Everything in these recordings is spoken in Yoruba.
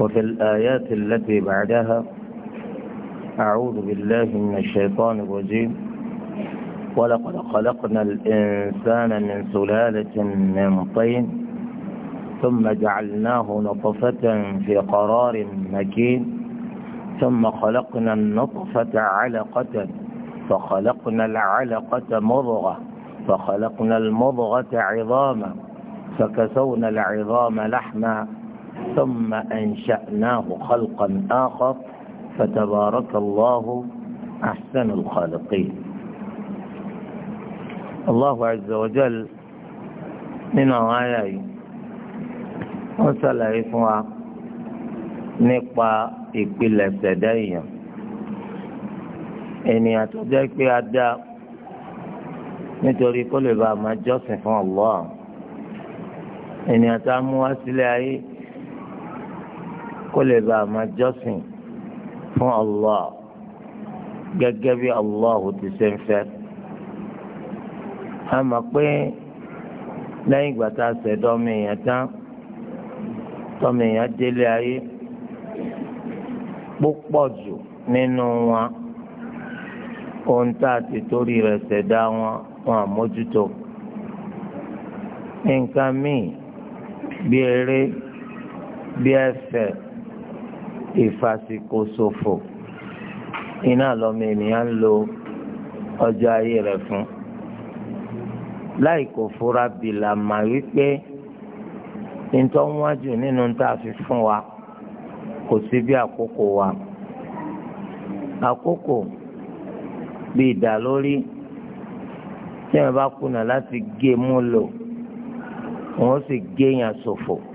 وفي الآيات التي بعدها أعوذ بالله من الشيطان الرجيم ولقد خلقنا الإنسان من سلالة من طين ثم جعلناه نطفة في قرار مكين ثم خلقنا النطفة علقة فخلقنا العلقة مضغة فخلقنا المضغة عظاما فكسونا العظام لحما ثم أنشأناه خلقا آخر فتبارك الله أحسن الخالقين الله عز وجل من آياته وصلى إفوا نقبى إقبل سدايا إني أتجاك بأداء nítorí kó lè bá a máa jọ́sìn fún Allah ènìyàn kó lè bá a máa jọ́sìn fún Allah gẹ́gẹ́ bí Allah ti ṣe ń fẹ́. a mọ̀ pé lẹ́yìn ìgbà tá a ṣẹ̀dọ́ ọmọ èèyàn tán tọ́mọ èèyàn délé ayé púpọ̀ jù nínú wọn ohun tá a ti torí rẹ̀ ṣẹ̀dá wọn wọn àmójútó. nǹkan míì bí eré bí ẹ̀fẹ̀ ìfàsìkò ṣòfò iná lọ́mọ ènìyàn lo ọjọ́ ayé rẹ̀ fún láì kò fura bìlà mà wípé nítorí wọn wájú nínú tá a fi fún wa kò sí bí àkókò wa àkókò bí ìdá lórí tí wọn bá kùnà láti gé e mú lò wọn sì gé yàn ṣòfò. So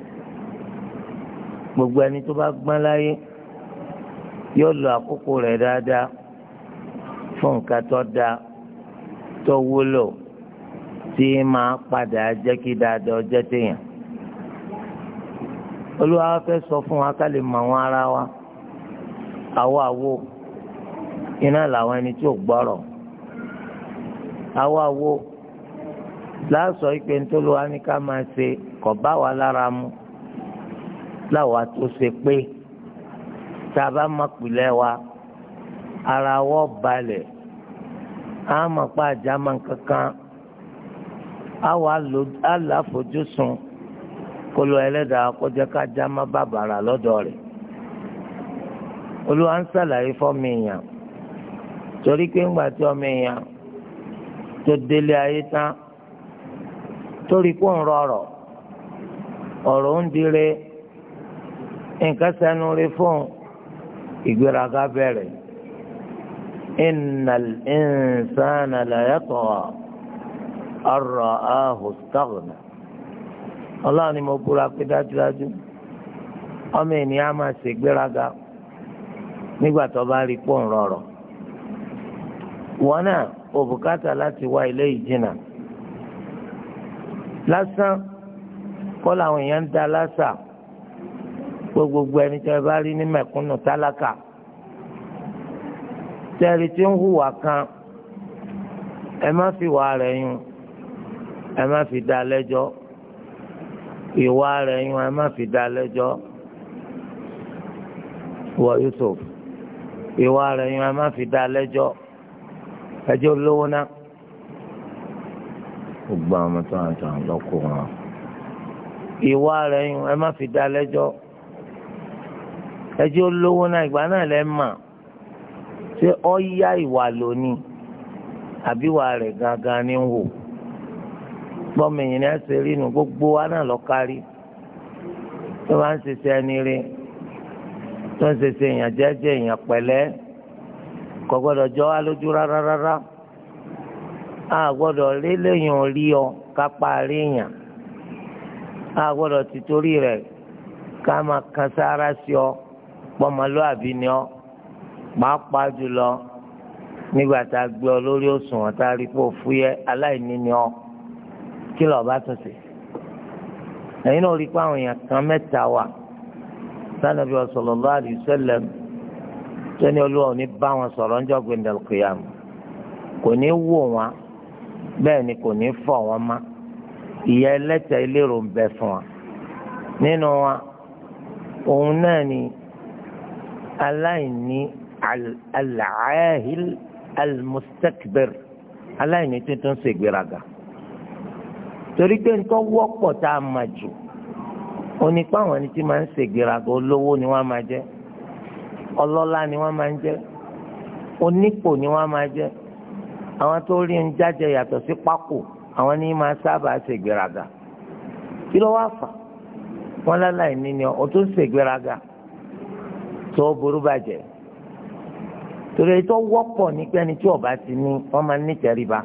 gbogbo ẹni tó bá gbọ́n láyé yóò lo àkókò rẹ̀ dáadáa fún nǹkan tó dáa tó wúlò tí máa padà jẹ́ kí dáadáa ọjọ́ téèyàn. olúwa fẹ́ sọ fún wa ká lè mọ àwọn ara wa àwọ̀ àwọ̀ iná làwọn ẹni tí ò gbọ́rọ̀ àwọ̀ àwọ̀ láàsọ̀ ìpè ntòlúwa ní ká máa ṣe kọ̀ bá wa lára mu. láwa tó ṣe pé tá mọ̀pìlẹ̀ wa ara wọ́ balẹ̀ a mọ̀ pa àjàmọ̀ kankan á wà láfojúsùn kólú ẹlẹ́dàá kọjá ká jámọ́ bàbàrà lọ́dọ̀ rẹ̀ olúwa ń ṣàlàyé fọ́ọ̀mù èèyàn torí pé ńgbà tí ọmọ èèyàn tó délé ayé tán torí kó ń rọrọ̀ ọ̀rọ̀ ń dire nǹkan sẹ́nu rí fún ìgbéraga bẹ̀rẹ̀ innal insana la ya arra'ahu istaghna ọlọ́run ni mo búra pé dájúdájú ọmọ ènìyàn máa ṣègbéraga nígbà tó bá rí pọ̀ ńrọ̀rọ̀ wọn náà òbúkátà láti wá ilé ìjìnà lásán kọ́ làwọn èèyàn ń da lásà. pé gbogbo ẹni tí wọ́n bá rí ní mẹ̀kúnnù tálákà tẹ́rì tí ń hùwà kan ẹ má fi wà rẹ̀ yun ẹ má fi dá lẹ́jọ́ ìwà rẹ̀ yun ẹ má fi dá lẹ́jọ́ wọ Yusuf ìwà rẹ̀ yun ẹ má fi dá lẹ́jọ́ ẹjọ́ lówó náà gbogbo àwọn tó ń tàn lọ́kùnrin ìwà rẹ̀ yun ẹ má fi dá lẹ́jọ́. ẹjẹ olówó náà ìgbà náà lẹ mà ṣé ọ yá ìwà lónìí àbíwá rẹ̀ gangan ń wò gbọmọ ni rí gbogbo wa náà lọ kárí tó bá ń ṣiṣẹ ẹni rí tó ń ṣiṣẹ èèyàn jẹ́jẹ́ pẹ̀lẹ́ kò jọ wá lójú rárá a gbọdọ rí ọ a ká máa kan ọ. pọ́nmọlúàbí ni ọ́ pàápàá jùlọ nígbà tá a gbé ọ lórí òṣùwọ̀n tá a rí kó fúyẹ́ aláìní ni ọ́ kí lọ́ọ́ bá tún sí. ẹ̀yin náà rí i pé àwọn èèyàn kan mẹ́ta wà sanabi sallallahu alaihi wasallam olúwa ò bá wọn sọ̀rọ̀ ńjọ́ gbẹ̀ndẹ̀lùkìyàm kò ní wò wọn bẹ́ẹ̀ ni kò ní fọ̀ wọn má ìyà ẹlẹ́tẹ̀ẹ́ lérò ń bẹ fún wa nínú wa òun náà ni. aláìní alaahil aláìní tuntun ṣe gbéraga torí pé nǹkan wọ́pọ̀ tá a máa jù onípa àwọn ẹni tí máa ń ṣe gbéraga olówó ni wọ́n máa jẹ́ ọlọ́lá ni wọ́n máa ń jẹ́ onípò ni wọ́n máa jẹ́ àwọn tó rí ń jájẹ yàtọ̀ sí pákó àwọn ní máa sábà ṣe gbéraga kí ló wá fà ni ọ̀ tó tó burú bàjẹ́ torí ètò wọ́pọ̀ ní pé ẹni tí ọba ti ní wọ́n máa ní tẹríba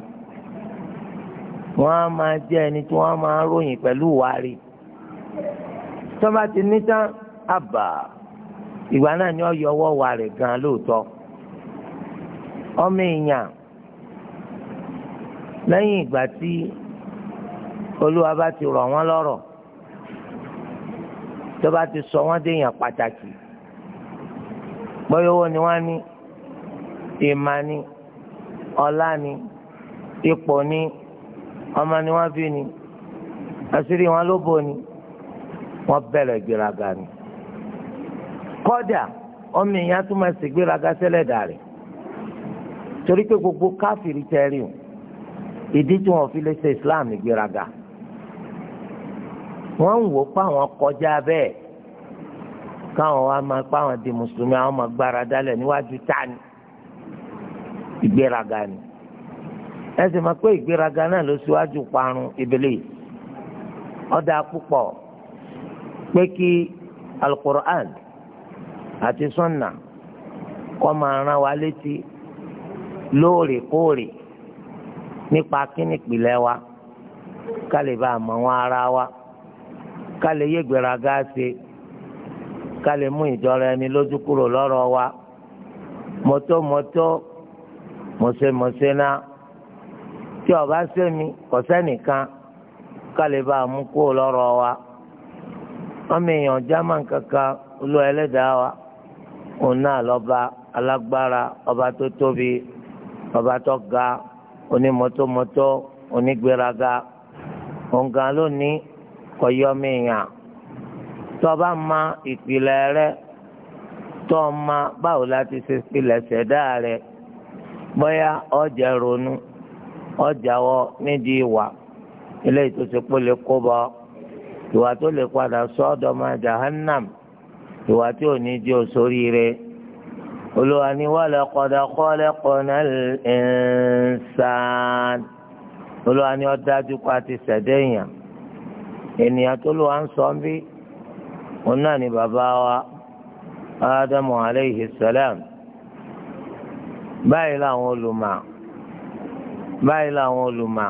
wọ́n á máa jẹ́ ẹni tí wọ́n máa ròyìn pẹ̀lú ìwárí tó bá ti ní tán àbà ìgbà náà ni ó yọ ọwọ́ wa rẹ̀ gan lóòótọ́ ọmọ èèyàn lẹ́yìn ìgbà tí olúwa bá ti rọ̀ wọ́n lọ́rọ̀ tó bá ti sọ wọ́n déèyàn pàtàkì bọ́yọ̀wọ́ ni wọ́n á ní ìmà ni ọlá ni ipò ni ọmọ ni wọ́n bí ni àṣírí wọn ló bò ni wọ́n bẹ̀rẹ̀ ìgbéraga ni. kọ́dà ọmọ èèyàn tún máa ṣègbéraga sẹ́lẹ̀ dàrí torí pé gbogbo káfíìrì tẹ́rì o ìdí tí wọn fi lè ṣe Islam ìgbéraga wọ́n ń wò pa àwọn kọjá bẹ́ẹ̀ káwọn wa máa pa àwọn di mùsùlùmí àwọn máa gbára dálẹ̀ níwájú tani ìgbéraga ni ẹ sì máa pé ìgbéraga náà ló síwájú parun ìbílẹ̀ ọ̀dà púpọ̀ pé kí alukur'an àti sunna kọ́ máa rán wa létí lóòrèkóòrè nípa kíni ìpìlẹ̀ wa ká lè bá a wọn ara wa ká lè yé ìgbéraga ṣe. ká mú ìjọra ẹni lójú kúrò lọ́rọ̀ wa mọ́tò mọ́tò mọ̀sẹ̀mọ̀sẹ̀ náà tí ọba sẹ́mi kọ̀sẹ́nìkan ká bá a mú kúrò lọ́rọ̀ wa ọmọ èèyàn german kankan olú ẹlẹ́dàá wa òun náà lọ́ba alágbára ọba tó tóbi ọba tó ga onígbéraga òun gan ló tó bá ma ìpìlẹ̀ rẹ tó ma báwo la ti ṣe ìpìlẹ̀ ṣẹ̀dá rẹ bóyá ọjà ronú ọjà wọ nídìí ìwà ilé ìtòsípò lè kó bọ ìwà tó lè padà sọ ọ́dọ̀ máa jahannam ìwà tí ò ní jẹ́ òṣòríire olùwà ni wọ́n lè kọ́dà kọ́lẹ̀ kọ́nà ẹ̀ẹ́nsán olùwà ni ó dájú pa ti ṣẹ̀dá ènìyàn tó lù wá ń sọ ń bí òun náà ni bàbá wa ádámù aleyhi salam báyìí làwọn olùmọ̀ báyìí làwọn olùmọ̀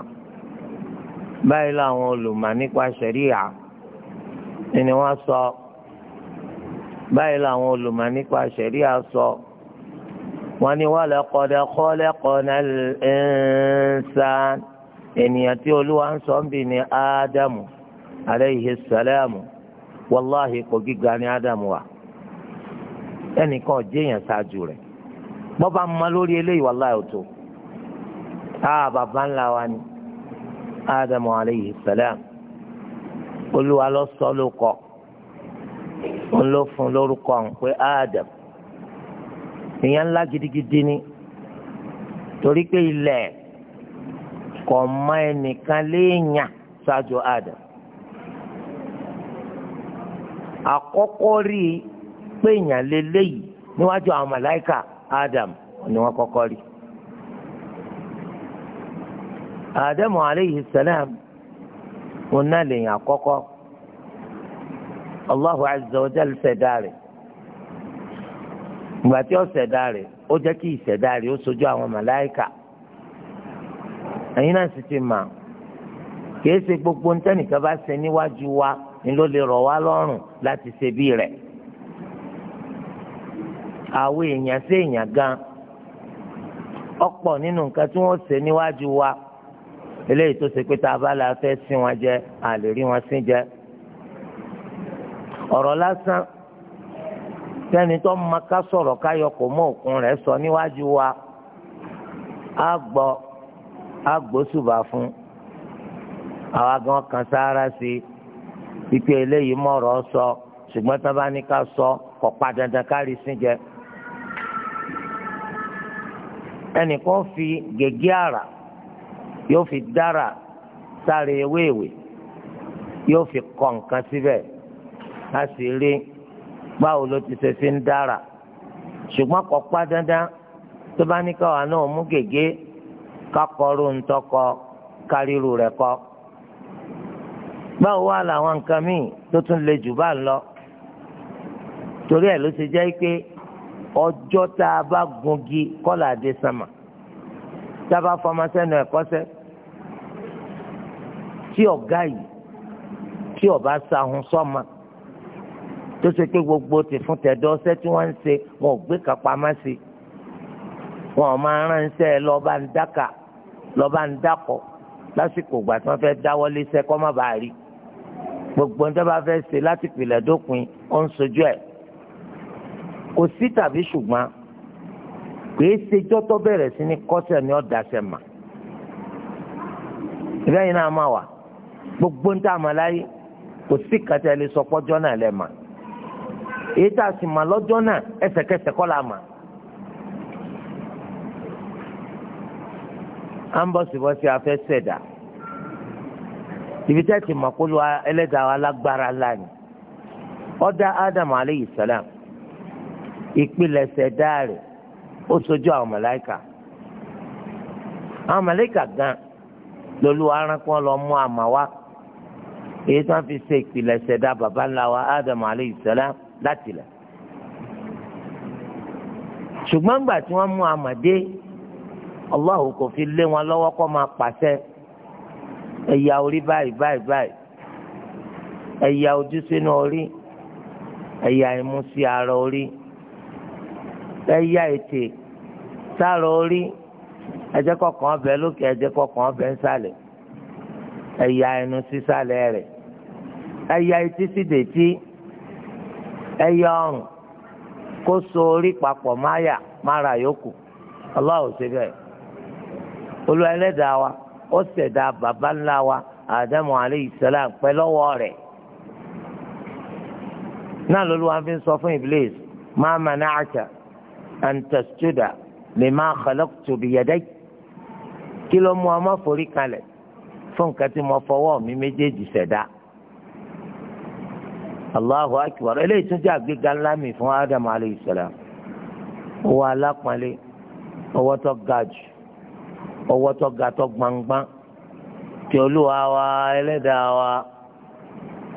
báyìí làwọn olùmọ̀ nípa ṣẹ̀ríà ni wọ́n sọ báyìí làwọn olùmọ̀ nípa ṣẹ̀ríà sọ wọ́n ní wa laqad khalaqnal insan ènìyàn tí olúwa ń sọ ń bì ní ádámù aleyhi salamu. wàláhì kò gíga ni ádámù ẹnìkan jẹ́yàn ṣáájú rẹ̀ bọ́ba ma lórí eléyìí wàláhì ò tó bàbá ńlá wa ni ádámù aleyhi sàlám olúwa ló sọ ló kọ ń ló fún lórúkọ ń pé ádám ìyẹn ńlá gidigidi ni torí pé ilẹ̀ ẹnìkan àkọ́kọ́ rí i pé èèyàn lélẹ́yìí níwájú àwọn Adam ni wọ́n kọ́kọ́ rí. Adamu aleyhi salam òun náà lèèyàn àkọ́kọ́ Allahu azza wa ìgbà tí ó ṣẹ̀dá ó jẹ́ kí ìṣẹ̀dá ó sojú àwọn màláìkà ẹ̀yin náà sì ti gbogbo ntẹ́nìkan bá ṣe níwájú Wa ni ló lè rọ̀ wá lọ́rùn láti ṣe bí rẹ̀ àwọn èèyàn sí èèyàn gan ọ̀pọ̀ nínú nǹkan tí wọ́n ṣe níwájú wa eléyìí tó ṣe pé tá a bá la fẹ́ sí wọn jẹ a lè rí wọn sí jẹ ọ̀rọ̀ lásán tẹ́ni tó ma ká sọ̀rọ̀ káyọ kò mọ òkun rẹ̀ sọ níwájú wa á gbọ́ á gbósùbà fún àwa gan kan sáárá sí i ìpè eléyìí mọ̀rọ̀ sọ ṣùgbọ́n tí wọ́n bá ní ká sọ kò dandan kárí sí jẹ. ẹnìkan fi gègé àrà yóò fi dára sáré ewéèwé yóò fi kọ nǹkan síbẹ̀ a sì rí báwo ló ti ṣe fi ń dára ṣùgbọ́n kò dandan tó bá ní káwa náà mú gègé ká ntọkọ káríru báwo wá làwọn nǹkan míì tó tún le jù bá ń lọ torí ẹ̀ ló ṣe jẹ́ pé ọjọ́ tá a bá gungi kọ́là dé sánmà tá a bá fọmọ sẹ́nu ẹ̀kọ́sẹ́ tí ọ̀gá yìí tí ọba sahun sọ́mà tó ṣe pé gbogbo ti fún tẹ̀dọ́ ọsẹ́ tí wọ́n ń ṣe wọn ò gbé kápámá sí wọn ò máa ránṣẹ́ lọ́ba ń dákà lọ́ba ń dákọ̀ lásìkò ìgbà tí wọ́n fẹ́ dáwọ́lé iṣẹ́ kọ́ má bàa rí gbogbo ń dábàá fẹ́ ṣe láti pìlẹ̀ dópin ó ń sojú ẹ̀ kò sí tàbí ṣùgbọ́n kìí ṣe jọ́tọ́ bẹ̀rẹ̀ sí ní kọ́sẹ̀ ni ọ̀dà ṣẹ̀ mà ìbẹ́yìn náà máa wà gbogbo ń tà mà láyé kò sí kàtà lè sọ pọ́jọ́ náà lẹ́ mà èyí tá a mà lọ́jọ́ náà ẹsẹ̀kẹsẹ̀ kọ́ la mà à ń bọ̀ síbọ̀ sí afẹ́ ṣẹ̀dá. ibi tẹ́ ti mọ̀ kó lu ẹlẹ́dàá wa lánìí ọ̀dà ádámù aleyhi sàlám ìpilẹ̀ṣẹ̀ dáàrẹ̀ ó sojú àwọn màláíkà àwọn màláíkà gan aránkún lọ mú àmà wá èyí tó ń fi ṣe ìpilẹ̀ṣẹ̀ dá bàbá ńlá wa ádámù aleyhi sàlám láti lẹ̀ ṣùgbọ́n gbà tí wọ́n mú àmà fi lé wọn lọ́wọ́ kó máa pàṣẹ. ẹ̀yà orí báyìí báyìí báyìí ẹ̀yà ojú sínú orí ẹ̀yà imú sí ara orí ẹ̀yà ètè sára orí ẹ̀jẹ̀ kọ̀ọ̀kan ọbẹ̀ lókè ẹ̀jẹ̀ kọ̀ọ̀kan ọbẹ̀ ńsàlẹ̀ ẹ̀yà ẹnu sísàlẹ̀ rẹ̀ ẹ̀yà etí sídètí ẹ̀yà ọrùn kó so orí papọ̀ máyà mára yòókù Allah ó ṣe bẹ́ẹ̀ olú ẹlẹ́dàá wa ó ṣẹ̀dá bàbá ńlá wa Ádámù aleyhi salam pẹ́ lọ́wọ́ rẹ̀ náà lÓlúwa fi ń sọ fún Iblis ma mana'aka an tasjuda lima khalaqtu biyaday kí ló mú ọ má forí kalẹ̀ fún nǹkan tí mo fọwọ́ mi méjèèjì ṣẹ̀dá. Allahu akbar eléyìí tún jẹ́ àgbéga ńlá mi fún Ádámù aleyhi salam owó alápọ̀nlé owó tó ga jù ọwọ́ tó ga tó gbangban tí olúwa wa ẹlẹ́dàá wa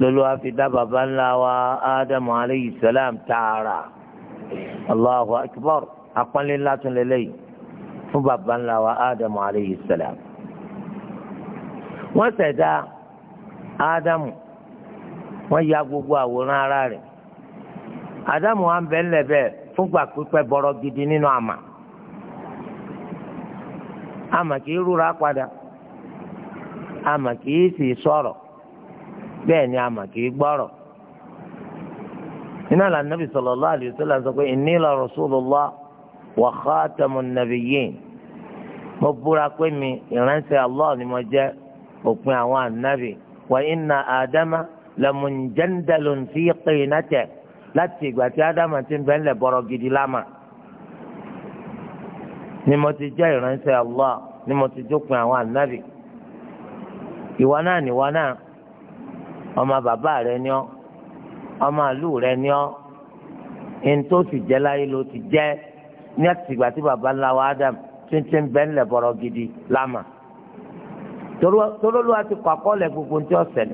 lọ́lọ́wà fi dá bàbá ńlá wa ádámù aleyhi sàlám tààrà allahu akbar apọ́nlé ńlá tún lélẹ́yìí fún bàbá ńlá wa ádámù aleyhi sàlám. wọ́n ṣẹ̀dá ádámù wọ́n ya gbogbo àwòrán ara rẹ̀ ádámù wa ń bẹ́ẹ̀ lẹ́bẹ̀ẹ́ fúngbà pípẹ́ bọ́rọ̀ gidi nínú àmà. No àmà kì í rúra padà àmà kì í sì sọ̀rọ̀ bẹ́ẹ̀ ni àmà kì í gbọ́rọ̀ iná la nabi sallallahu alayhi wa sallam sọ pé inni la rasulullah wa khatamun nabiyyin mo búra pé mi ìránṣẹ́ allah ni mo jẹ́ òpin àwọn ànábì wa inna adama lamunjandalun fi qinatihi láti ìgbà tí adama ti ń bẹ́ńlẹ̀ bọ̀rọ̀ gidi lámà. ni mo ti je ìránṣẹ́ Allah ni mo ti jókòó àwọn ànábì ìwọ náà nìwọ náà ọmọ bàbá rẹ ni ọ ọmọ àlù rẹ ni ọ ẹni sì jẹ́ láyé ló ti ní àtìgbà tí Adam tuntun ń bọ̀rọ̀ gidi lámà torólúwa ti kọ gbogbo ní ọ̀sẹ̀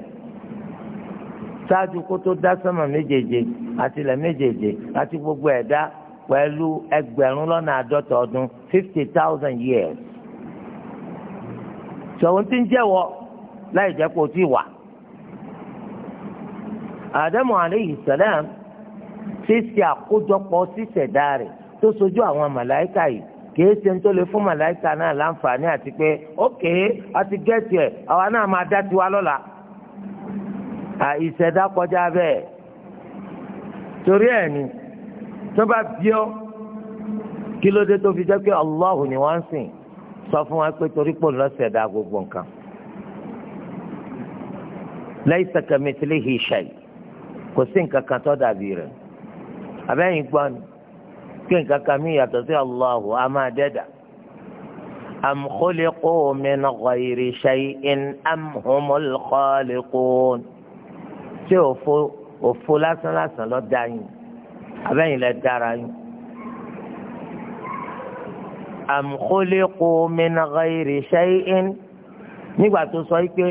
ṣáájú kó tó dá sánmà méjèèje àti ilẹ̀ méjèèje àti gbogbo ẹ̀dá pẹ̀lú ẹgbẹ̀rún lọ́nà àádọ́ta ọdún fifty thousand years. sọ̀wọ́n ti ń jẹ́wọ́ láì jẹ́ kó tí wà. Àdámù aleyhi sàlám ṣíṣe àkójọpọ̀ ṣíṣẹ̀dá rẹ̀ tó sojú àwọn màláìkà yìí kìí ṣe ń tó lè fún màláìkà náà láǹfààní àti pé ókè a ti gẹ́ẹ̀tì ẹ̀ àwa náà máa dá tiwa lọ́la. ìṣẹ̀dá kọjá bẹ́ẹ̀ torí ẹ̀ ni. tó bá bí ọ kí ló dé tó fi jẹ́ pé Allahu ni wọ́n ń sìn sọ fún wa pé torí pò lọ́sẹ̀ dá gbogbo nǹkan. laysa kamithlihi shay kò sí nǹkan kan tó dàbí rẹ̀ abẹ́yìn gbọ́ ni kí nǹkan kan mi yàtọ̀ sí Allahu a máa dẹ́dà. am khuliqu min ghayri shay'in am humul khaliqun ṣé òfo òfo lásán lásán ló dá yín abẹ́yìn lẹ dára yín. am khuliqu min ghayri shay'in nígbà tó sọ pé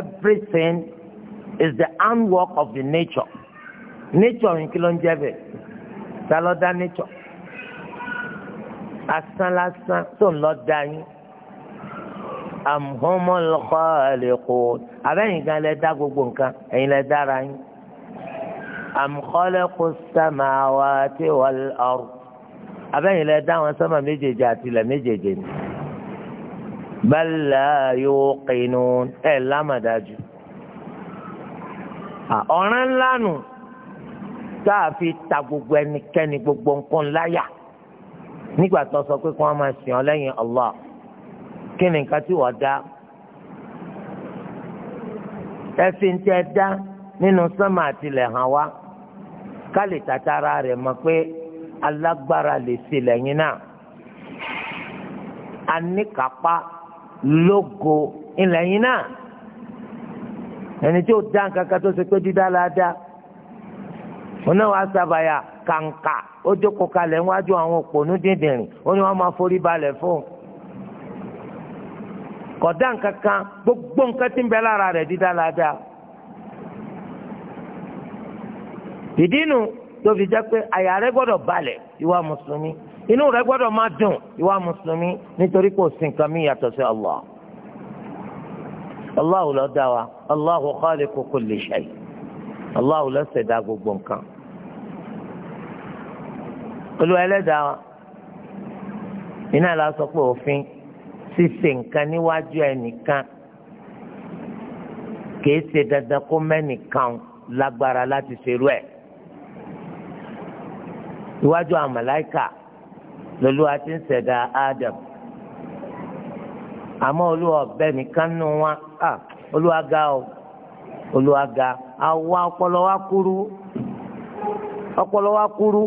everything is the handwork of the nature nature yìí kí ló ń jẹ́ bẹ́ẹ̀ ta ló dá nature asán lásán tó ń lọ dá yín am humul khaliqun abẹ́yìn gan lẹ dá gbogbo nǹkan ẹ̀yin lẹ dára yín am khalaqa as-samawati wal-ard abẹ́yìn lẹ dá wọn sọ́mà méjèèjì àti ilẹ̀ méjèèjì ni bal la yuqinun ẹ̀ lámàdájú. ọ̀ràn ńlá nù tá a fi ta gbogbo ẹnikẹ́ni gbogbo nǹkan láyà nígbà tó sọ pé kí wọ́n máa sìn ọ́ lẹ́yìn Allah kí ni nǹkan tí wọ́n dá ẹ̀sìn tẹ́ dá nínú sọ́mà àti hàn wá ká lè tàtàrà rẹ̀ mọ̀ pé alágbára lè ṣe lẹ́yìn náà aníkàpá lógo ìlẹ̀yìn náà ẹni tí ó dá nǹkan kan tó ṣe pé dídá la dá òun náà wàá sábàyà kàǹkà ó jókòó kalẹ̀ níwájú àwọn òpònú dídìrín ó ní wọ́n máa forí balẹ̀ fún un kódà nǹkan kan gbogbo nǹkan tí ń bẹ lára rẹ̀ dídá la ìdínú tó fi jẹ́ pé àyà rẹ gbọ́dọ̀ balẹ̀ ìwà mùsùlùmí inú rẹ gbọ́dọ̀ máa dùn ìwà mùsùlùmí nítorí kò sí nǹkan mí yàtọ̀ sí Allah Allahu ló dá wa Allahu khaliqu kulli shay Allahu ló ṣẹ̀dá gbogbo nǹkan Olúwa Ẹlẹ́dàá wa iná la sọ pé òfin ṣíṣe nǹkan níwájú ẹnìkan kìí ṣe dandan kó mẹ́nìkan lágbára láti ṣerú ẹ̀. iwájú àwọn màláìkà lọ́lúwa ti ń ṣẹ̀dá Adam àmọ́ olúwa ọ̀bẹ nìkan nù wá olúwa ga o olúwa ga àwa ọpọlọ wa kúrú ọpọlọ wa kúrú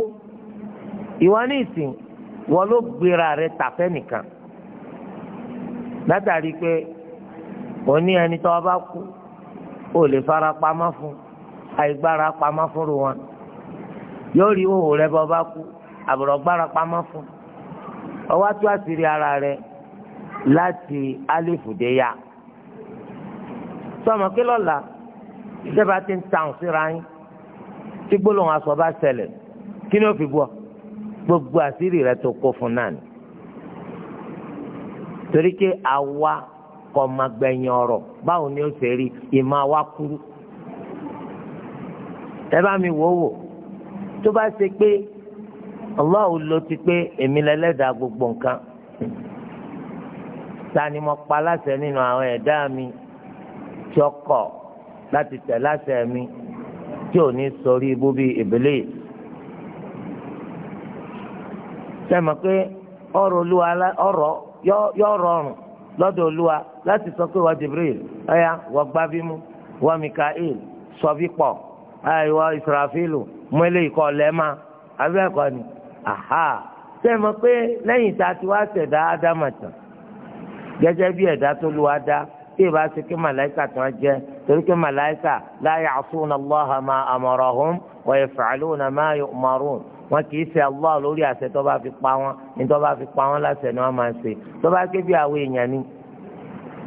ìwọ ní ìsìn wọn ló gbéra rẹ tàfẹ́ nìkan látàrí pé òun ní ẹni tó o bá kú o lè fara pamọ́ fún àìgbára pamọ́ fúnru wọn. yóò rí òhò rẹ bọ́ bá kú àbùrọ̀ gbára pamọ́ fún ọwọ́ tó àṣírí ara rẹ láti alifu dé ya sọmọ kí lọ́la ìjọba ti ń tàn síra yín tí gbólóhùn aṣọ bá ṣẹlẹ̀ kí ni ó fi bọ́ gbogbo àṣírí rẹ tó kó fún náà ni torí pé àwa kọ́ máa gbẹ̀yìn ọ̀rọ̀ báwo ni ó ṣe rí ìmọ̀ àwa kúrú ẹ bá mi wò ó wò tó bá ṣe pé Allah ló ti pé èmi lẹ́lẹ́dàá gbogbo nǹkan ta ni mo pa láṣẹ nínú àwọn ẹ̀dá mi tí ó láti tẹ̀ láṣẹ mi tí ò ní sọrí ibú bíi Iblis sẹ́mi pé ọ̀rọ̀ olúwa ọ̀rọ̀ yọ rọrùn lọ́dọ̀ olúwa láti sọ pé wà Jibril ọ̀yà wọ́n gbá bímú wọ́n Mikael sọ bí pọ̀ àìwọ́ Israfilu mú eléyìí kọ́ lẹ́ẹ̀ma abẹ́ẹ̀kọ́ ni àhà ṣé ẹ mọ̀ pé lẹ́yìn tá a ti wá ṣẹ̀dá ádámà tán gẹ́gẹ́ bí ẹ̀dá tó lu adá tí ì bá ṣe kí màláìkà tó ń jẹ́ torí pé màláìkà la ya'suna Allaha ma amarahum wa yaf'aluna ma yu'marun wọn kì í ṣe Allah lórí àṣẹ tó bá fi pa wọn ní tó bá fi pa wọn láṣẹ ni wọn máa ṣe tó bá ké bí àwọn èèyàn ni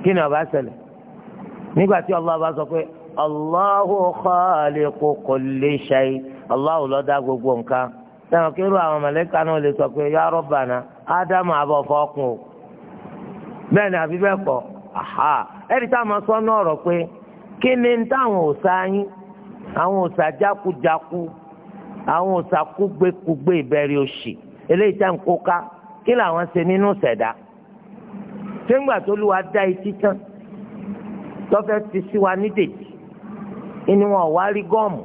kí ni ó bá nígbà tí Allah bá sọ pé Allahu khaliqu kulli shay'. Allahu ló dá gbogbo nǹkan sẹ́wọ̀n kí àwọn náà lè sọ pé ya Rabbana ádámù àbọ̀ fọ́ọ̀kùn o bẹ́ẹ̀ ni àbí bẹ́ẹ̀ kọ́ ẹ̀rí sọ náà rọ̀ pé kí ni táwọn òòṣà yín àwọn òòṣà jákujáku àwọn òòṣà kúgbékúgbé ìbẹ̀rẹ̀ òṣì eléyìí tá à ń kó ká kí làwọn ṣe nínú ṣẹ̀dá wa nídèjì wá rí gọ́ọ̀mù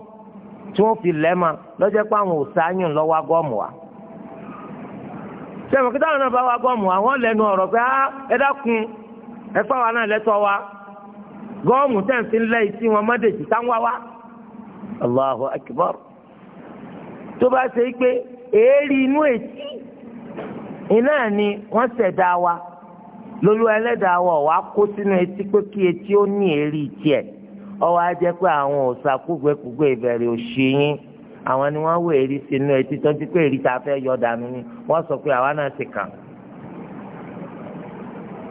tí wọ́n fi lẹ́ẹ̀ma lọ́jọ́ pé àwọn òsáyìn lọ́wọ́ agọ́ọ̀mù wa. sẹ́wọ̀n kíta náà bá wá gọọmù wa wọ́n lẹnu ọ̀rọ̀ pé ah, ẹ dákun ẹ fà wá náà lẹ́tọ́ wa gọ́ọ̀mù tẹ̀ ń fi lẹ́ wọn wá. Allahu tó bá ṣe pé èérí inú iná ni wọ́n ṣẹ̀dá wa lólu ẹlẹ́dàá wa kó sínú ọwọ́ ajẹ́ pé àwọn òòṣà kúgbẹ́kúgbẹ́ ìbẹ̀rẹ̀ òṣì yín àwọn ni wọ́n wọ èrí sínú etí tó pé èrí tá a fẹ́ yọ dànù ni wọ́n sọ pé àwa náà ti kàn.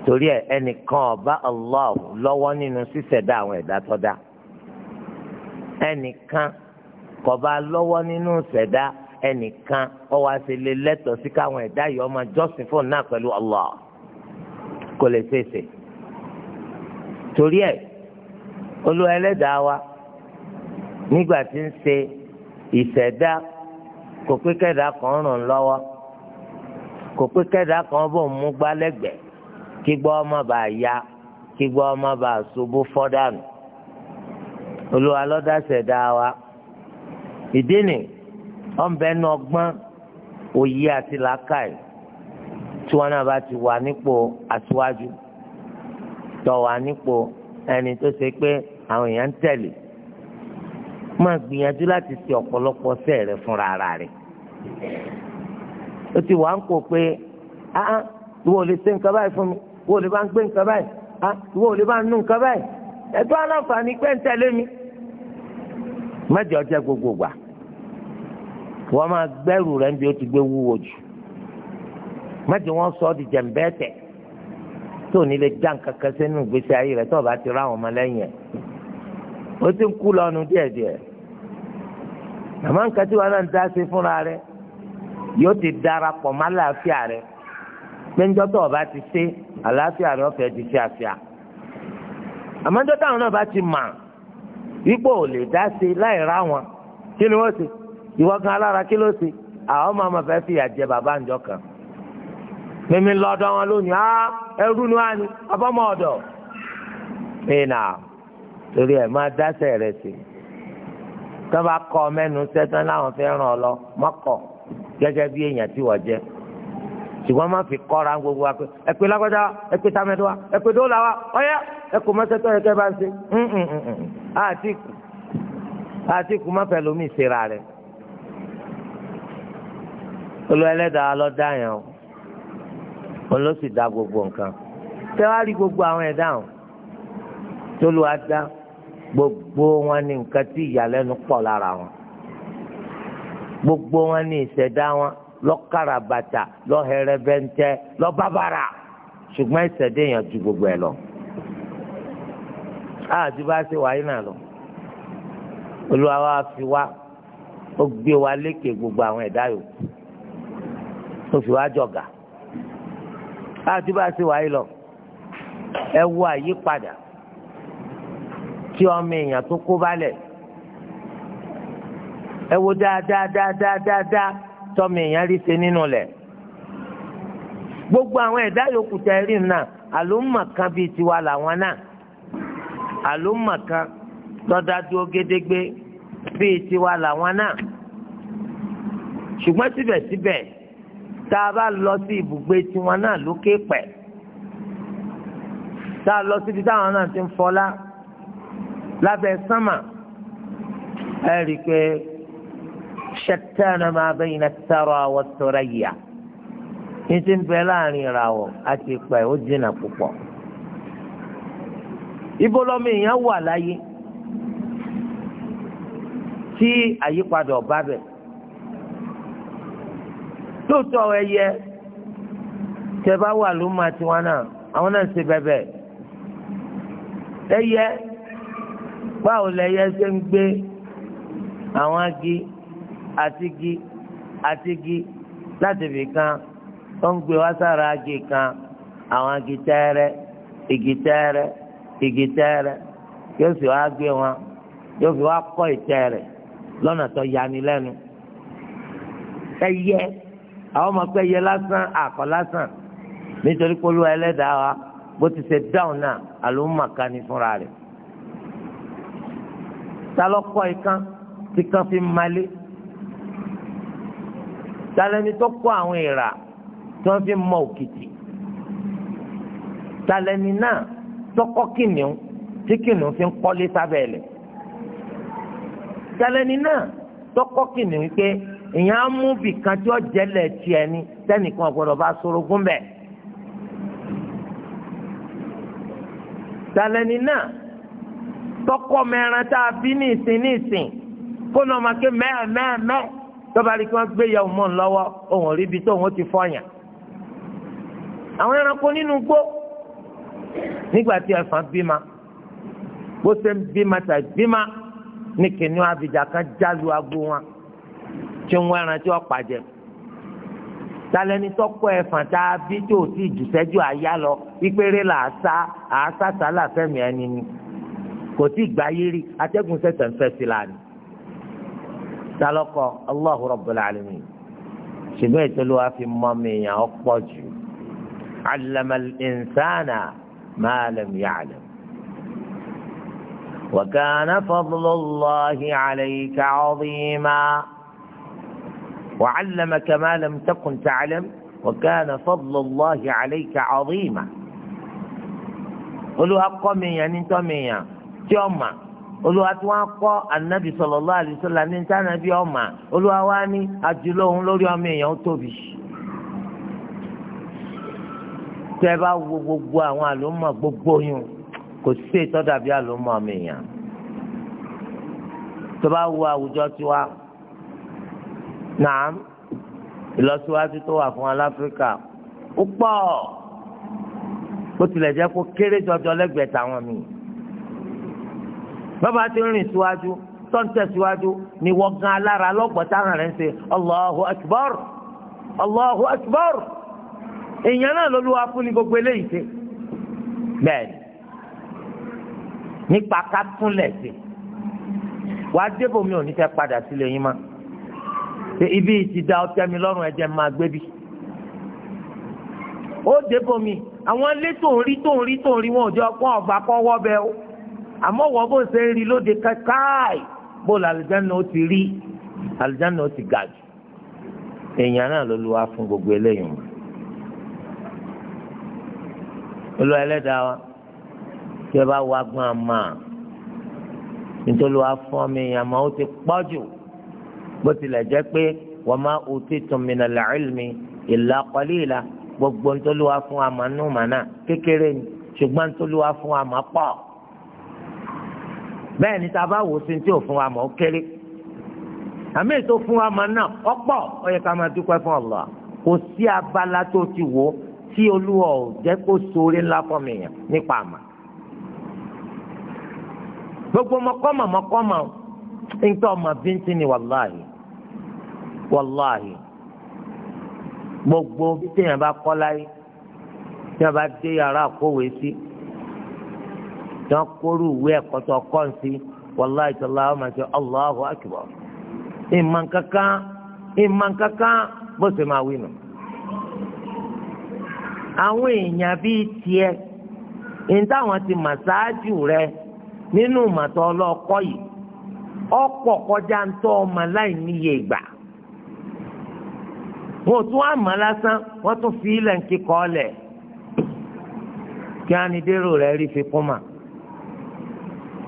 torí ẹ ẹnìkan ọba Allah lọ́wọ́ nínú ṣíṣẹ̀dá àwọn ẹ̀dá tọ́dá. dá ẹnìkan kọba lọ́wọ́ nínú ṣẹ̀dá ẹnìkan ọwọ́ àṣẹlẹ lẹ́tọ̀ọ́ sí káwọn ẹ̀dá yìí ọmọ jọ́sìn fún náà pẹ̀lú Allah kò lè ṣèṣe torí ẹ olú ẹlẹ́dàá wa nígbà tí ń ṣe ìṣẹ̀dá kò pé kẹ́dàá kan ràn lọ́wọ́ kò pé kẹ́dàá kan bò mú gbálẹ́gbẹ̀ẹ́ kí gbọ́ ọmọ bá ya kí gbọ́ ọmọ bá ṣubú fọ́dànù olúwa lọ́dá ṣẹ̀dá wa ìdí ni ọ̀nbẹ́nu ọgbọ́n òye àti làákàyè tí wọn náà bá ti wà nípò aṣíwájú tó wà nípò ẹni tó ṣe pé. àwọn èèyàn ń tẹ̀lé máa gbìyànjú láti ṣe ọ̀pọ̀lọpọ̀ fúnra ti wà ń kó pé áá ìwọ ò lè ṣe nǹkan báyìí fún mi ìwọ ò lè bá ń gbé nǹkan báyìí á ìwọ ò lè bá ń nú nǹkan báyìí aláǹfààní pé ń tẹ̀lé mi gbogbo gbà wọ́n máa gbẹ́rù rẹ̀ níbi ó ti gbé wúwo jù mẹ́jọ wọ́n sọ ọ́ di jẹ̀m̀bẹ́ẹ̀tẹ̀ tó ní lè já nǹkan kan sínú ìgbésí ayé rẹ̀ tó o bá ti rá àwọn ọmọ lẹ́yìn ẹ̀ o ti ń kú lọ́nu díẹ̀díẹ̀ àmọ́ nǹkan tí wọn náà ń dá sí fúnra rẹ yóò ti darapọ̀ mọ́ àlàáfíà rẹ péńjọ́ tó bá ti ṣe àláfíà rẹ ọ̀fẹ́ ti ṣe àfíà àmọ́ níjọ́ náà bá ti mà wípé ò lè dá sí láì rá wọn kí ni wọ́n ṣe ìwọ kan alára kí ló ṣe àwọn torí ẹ̀ máa dáṣẹ̀ rẹ̀ sí i tó bá kọ mẹ́nu sẹ́tán láwọn fẹ́ ràn ọ lọ mọ́kọ̀ gẹ́gẹ́ bí èèyàn tí wọ́n jẹ́ ṣùgbọ́n má fi kọ́ra gbogbo wa pé ẹ pé lágbájá ẹ pé tamẹ́dọ́wà ẹ pé dóòlà wa ọ̀yá ẹ kò mọ́sẹ́tọ́ yẹ kẹ́ bá ń ṣe mm, mm, mm, àti kù àti kù má fẹ́ lómi ìṣera rẹ̀ olú ẹlẹ́dàá lọ dá yẹn o olóṣì dá gbogbo nǹkan tẹ́wáá rí gbogbo àwọn ẹ̀dá hàn tólú ada gbogbo wọn ní nǹkan tí ìyàlẹ́nu pọ̀ lára wọn gbogbo wọn ní ìṣẹ̀dá wọn lọ́kàrà bàtà lọ́hẹrẹ bẹ́ńtẹ́ lọ́bàbàrà ṣùgbọ́n ìṣẹ̀dá èèyàn ju gbogbo ẹ̀ lọ. àti bá ṣe wáyé náà lọ olúwa wa fi wá ó gbé wa lékè gbogbo àwọn ẹ̀dá yòókù ó fi wá jọ̀gà àti bá ṣe wáyé lọ ẹ wo àyípadà kí ọmọ èèyàn tó kó balẹ̀ ẹ wo dáadáadáadáa tọmọ èèyàn rí ṣe nínú lẹ̀ gbogbo àwọn ẹ̀dá yòókù tẹ rí náà àlòmọ̀ kan bíi tiwa làwọn náà àlòmọ̀ kan tọ́dájú gédégbé bíi tiwa làwọn náà ṣùgbọ́n síbẹ̀síbẹ̀ tá a bá lọ sí ibùgbé tiwọn náà lókè pẹ̀ tá a lọ síbi táwọn náà ti ń fọlá. lábẹ́ sánmà ẹ rí i pé ṣẹtẹ́nà máa bẹ iná tẹ́rọ àwọ̀ sọ̀rọ̀ yìá ní ti ń bẹ láàrin ìràwọ̀ àti ìpẹ́ ó dínà púpọ̀. ibo èèyàn wà láyé tí àyípadà ọba bẹ̀. lóòótọ́ ẹyẹ tẹ bá wà lóma tiwọn náà àwọn náà ń ṣe báwo lẹyẹ ṣe ń gbé àwọn agi àti igi àti igi láti fi kan ó ń gbé wá agi kan àwọn agi tẹ́rẹ́ igi tẹ́rẹ́ igi tẹ́rẹ́ yóò sì wá gbé wọn yóò fi wá kọ́ ìtẹ́ lọ́nà tó yani lẹ́nu ẹyẹ àwọn ọmọ pé ẹyẹ lásán àkọ lásán nítorí pé olúwa ẹlẹ́dàá wa bó ti ṣe dáhùn náà àlùmọ̀ọ́ká ni fúnra talọkọ ìkan tí kan fi malé talẹni tó kọ àwọn ìrà tí wọn fi mọ òkìtì talẹni náà tọkọ kìnìún tí kìnìún fi ń kọ́lé sábẹ́ lẹ̀ talẹni náà tọkọ kìnìún pé ìyẹn á mú bìkan tí ó jẹlẹ̀ tiẹ̀ ni sẹ́nìkan gbọ́dọ̀ bá sorogún bẹ́ẹ̀ talẹni náà tọkọ mẹran tá a bí ní ìsìn ní ìsìn kó náà máa ké mẹ́ẹ̀ mẹ́ẹ̀ mẹ́ẹ̀ lọ́ba rí kí wọ́n gbé yẹ̀wò mọ́ ń lọ́wọ́ òun rí ibi tóun ó ti fọyàn. àwọn ẹranko nínú gbó nígbà tí ẹ̀fọn bímá bó ṣe ń bímá tàbí bímá ní kìnìún abidjan kan jálu agbo wọn tí ń wẹ́ran tí wọ́n pàjẹ́ talẹni tọkọ ẹfọn tá a bí tó ti jùsẹ́jù àyà lọ ìpèrè là á sá àá sá sálà fẹ́mi ẹni ni. kò tí ì gba ayé rí atẹ́gùn sẹ̀sẹ̀ ń fẹ́ sí la ni. talọ́kọ Allahu Rabbul Alamin ṣùgbọ́n ètò ló wa fi mọ́ mi yàn ọ́ pọ̀ jù allamal insana ma lam ya'lam. wa kana fadlullahi alayka 'azima وعلمك ما لم تكن تعلم وكان فضل الله عليك عظيما قلوا أقومي يعني انتمي يعني tí ọmọ olúwa tí wọn kọ anabi sallallahu alaihi wasallam ní níta anabi ọmọ olúwa wa ní àjùlọ òun lórí ọmọ èèyàn ó tóbi. tẹ bá wo gbogbo àwọn àlòmọ gbogbo yun kò sí ìtọ́dàbí àlòmọ ọmọ èèyàn tó bá wo àwùjọ tiwa náà ìlọsíwájú tó wà fún aláfíríkà ó pọ̀ bó tilẹ̀ jẹ́ kó kéré jọjọ lẹ́gbẹ̀ẹ́ táwọn míì bàbá ti rìn síwájú tó ń tẹ̀síwájú ni wọ́n gan alára lọ́gbọ̀tà rẹ̀ ń ṣe Allahu Akbar Allahu Akbar èèyàn náà ló fún ni gbogbo eléyìí ṣe bẹ́ẹ̀ nípa ká túnlẹ̀ wàá débò mi ò ní fẹ́ padà sílé yín mọ́ ṣe ibi ti da ọtẹ mi lọ́rùn ẹ̀jẹ̀ máa gbé wọn ò jọ pọ́n wọ́ àmọ́ wọ́n bó ṣe ń rí lóde káì bó la àlùjáná ó ti rí àlùjáná ó ti gà jù èèyàn náà ló lu wá fún gbogbo eléyìí mọ́ olú ẹlẹ́dàá wa tí ẹ bá wá gbọ́n àmà nítorí wàá fún mi àmọ́ ó ti pọ̀ jù bó tilẹ̀ jẹ́ pé wa ma utitum minal ilmi illa qalila gbogbo nítorí wàá fún àmà nù màná kékeré ni ṣùgbọ́n nítorí wàá fún àmà pọ̀ bẹ́ẹ̀ ni tá a bá wò sí tí ò fún wa mọ̀ ó kéré àmì ètò fún wa mọ̀ náà ọ̀pọ̀ ó yẹ ká máa dúpẹ́ fún Allah kò sí abala tó ti wò tí olúwa ò jẹ́ kó sóore ńlá fún mi yàn nípa àmà gbogbo mọ̀kọ́mọ̀ mọ̀kọ́mọ̀ nítorí ọmọ bíntì ni wàláhì wàláhì gbogbo bí téèyàn bá kọ́ láyé téèyàn bá dé yàrá àkówèé sí. Si tí wọ́n kóró ìwé ẹ̀kọ́ tó kọ́ ń sí tó la ṣe Allahu akbar ìmàn kankan ìmàn kankan bó ṣe máa wí nù. àwọn èèyàn bíi tiẹ̀ ní táwọn ti mà ṣáájú rẹ nínú màtọ́ ọlọ́kọ́ yìí ọ̀pọ̀ kọjá ń tọ́ ọmọ láì ìgbà wọn ò fi ilẹ̀ ń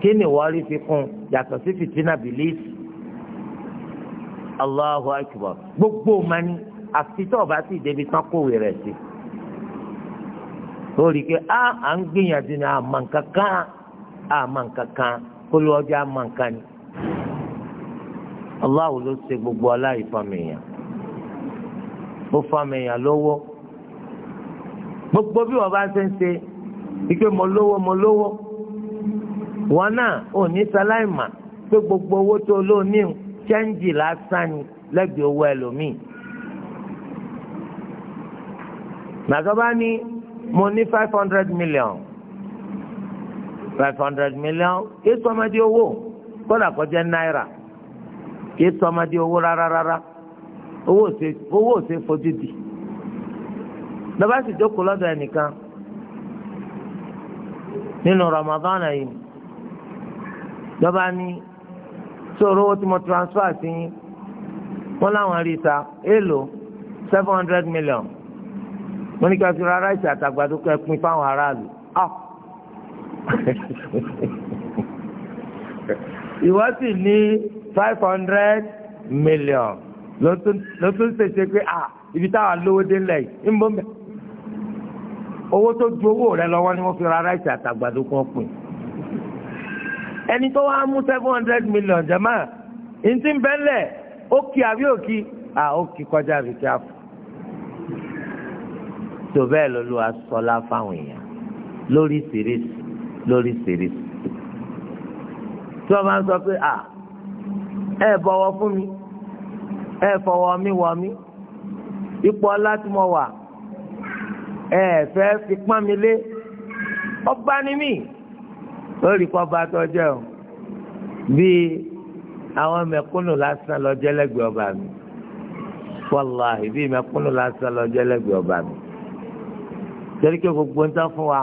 kí ni wọ́n rí fi kún yàtọ̀ sí fìtínà bìlíìsì allahu akbar gbogbo mani àfitọ́ ọba sì débi tán kówé rẹ̀ sí lórí pé a ah, à ń gbìyànjú ni àmà a àmà nǹkankan kó ló ọjà àmà nǹkan ni allahu ló ṣe gbogbo ọlá ìfọmìyàn ó fọmìyàn lówó gbogbo bí wọn bá ṣe ń ṣe ike mo lówó mo lówó. wọn náà ò ní sáláìmà pé gbogbo owó tó ló ní chẹ́ńjì lásán ni lẹ́gbẹ̀ẹ́ owó ẹlòmíì. nàtọ́bá ní mo ní five hundred million five hundred million kí sọmadé owó kódà kọjá náírà kí sọmadé owó rárá rárá owó ò ṣe fojú di lọ́ba sì jókòó lọ́dọ̀ ẹnìkan nínú Ramadan yìí. lọ́ba ní sọ̀rọ̀ owó tí mo transfer sí yín wọ́n láwọn rí ta èèlò seven hundred million mo ní kí a fi ra ráìsì àtàgbàdo kẹ́ pin fáwọn aráàlú ah! ìwọ sì ní five hundred million ló tún ṣèṣe pé ah, ibi táwa lówó dé ńlẹ̀ yìí ń bọ́ mẹ́ owó tó ju owó rẹ lọ́wọ́ ni wọ́n fi ra ráìsì àtàgbàdo kún ọ̀pìn ẹni tó wá mú seven hundred million jama ntí ń bẹ́lẹ̀ ó kí àbí òkí à ó kí kọjá àbí kí á fò. tó bẹ́ẹ̀ ló ló asọ́lá fáwọn èèyàn lórí sèrèsì lórí sèrèsì. tí wọ́n máa ń sọ pé à ẹ bọ̀wọ̀ fún mi ẹ fọwọ́ mi wọ̀ mi ipò ọlá tí mo wà ẹ fẹ́ fi pọ́n mi lé ọgbà ni mí lórí kọ́ bá tọ́jọ́ o bíi àwọn mẹ̀kúnnù lásán lọ́jọ́ lẹ́gbẹ̀ẹ́ ọba mi wàláhì bíi mẹ̀kúnnù lásán lọ́jọ́ lẹ́gbẹ̀ẹ́ ọba mi torí pé gbogbo ń tán fún wa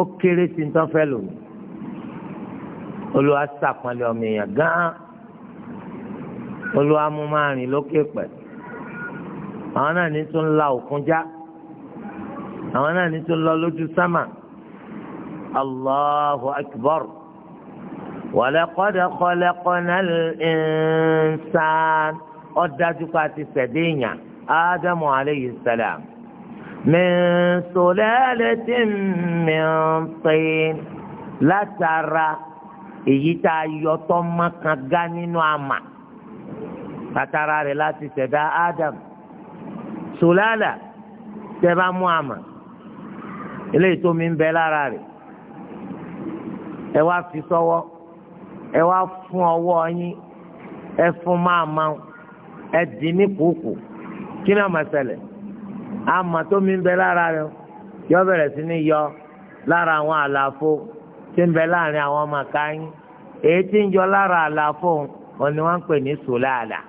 ó kéré sí ń tán fẹ́ lòmí olùwà sàpọ̀nlé ọmọ èèyàn gán-an olùwà mú máa rìn lókè pẹ̀ àwọn náà ní tún la òkun já àwọn náà ní tún lọ lójú sámà. الله أكبر ولقد خلقنا الإنسان أدتك السدينة آدم عليه السلام من سلالة من طين لا ترى èyí tá a yọ tọ́ mọ́ kan gá nínú àmà tatara rẹ̀ láti ṣẹ̀dá Adam sòlálà tẹ́ bá mú àmà eléyìí tó mi ń bẹ lára rẹ̀ ẹ wá fi sọ́wọ́ ẹ wá fún ọwọ́ yín ẹ fún máa ma ẹ dì ní kùkù kí ni a máa ṣẹlẹ̀ tó mi ń bẹ lára rẹ yọ bẹ̀rẹ̀ sí yọ lára àwọn àlàfo tí ń bẹ láàrin àwọn ọmọ àkáyín èyí tí ń yọ lára àlàfo wọn ni ń pè ní sòláàlà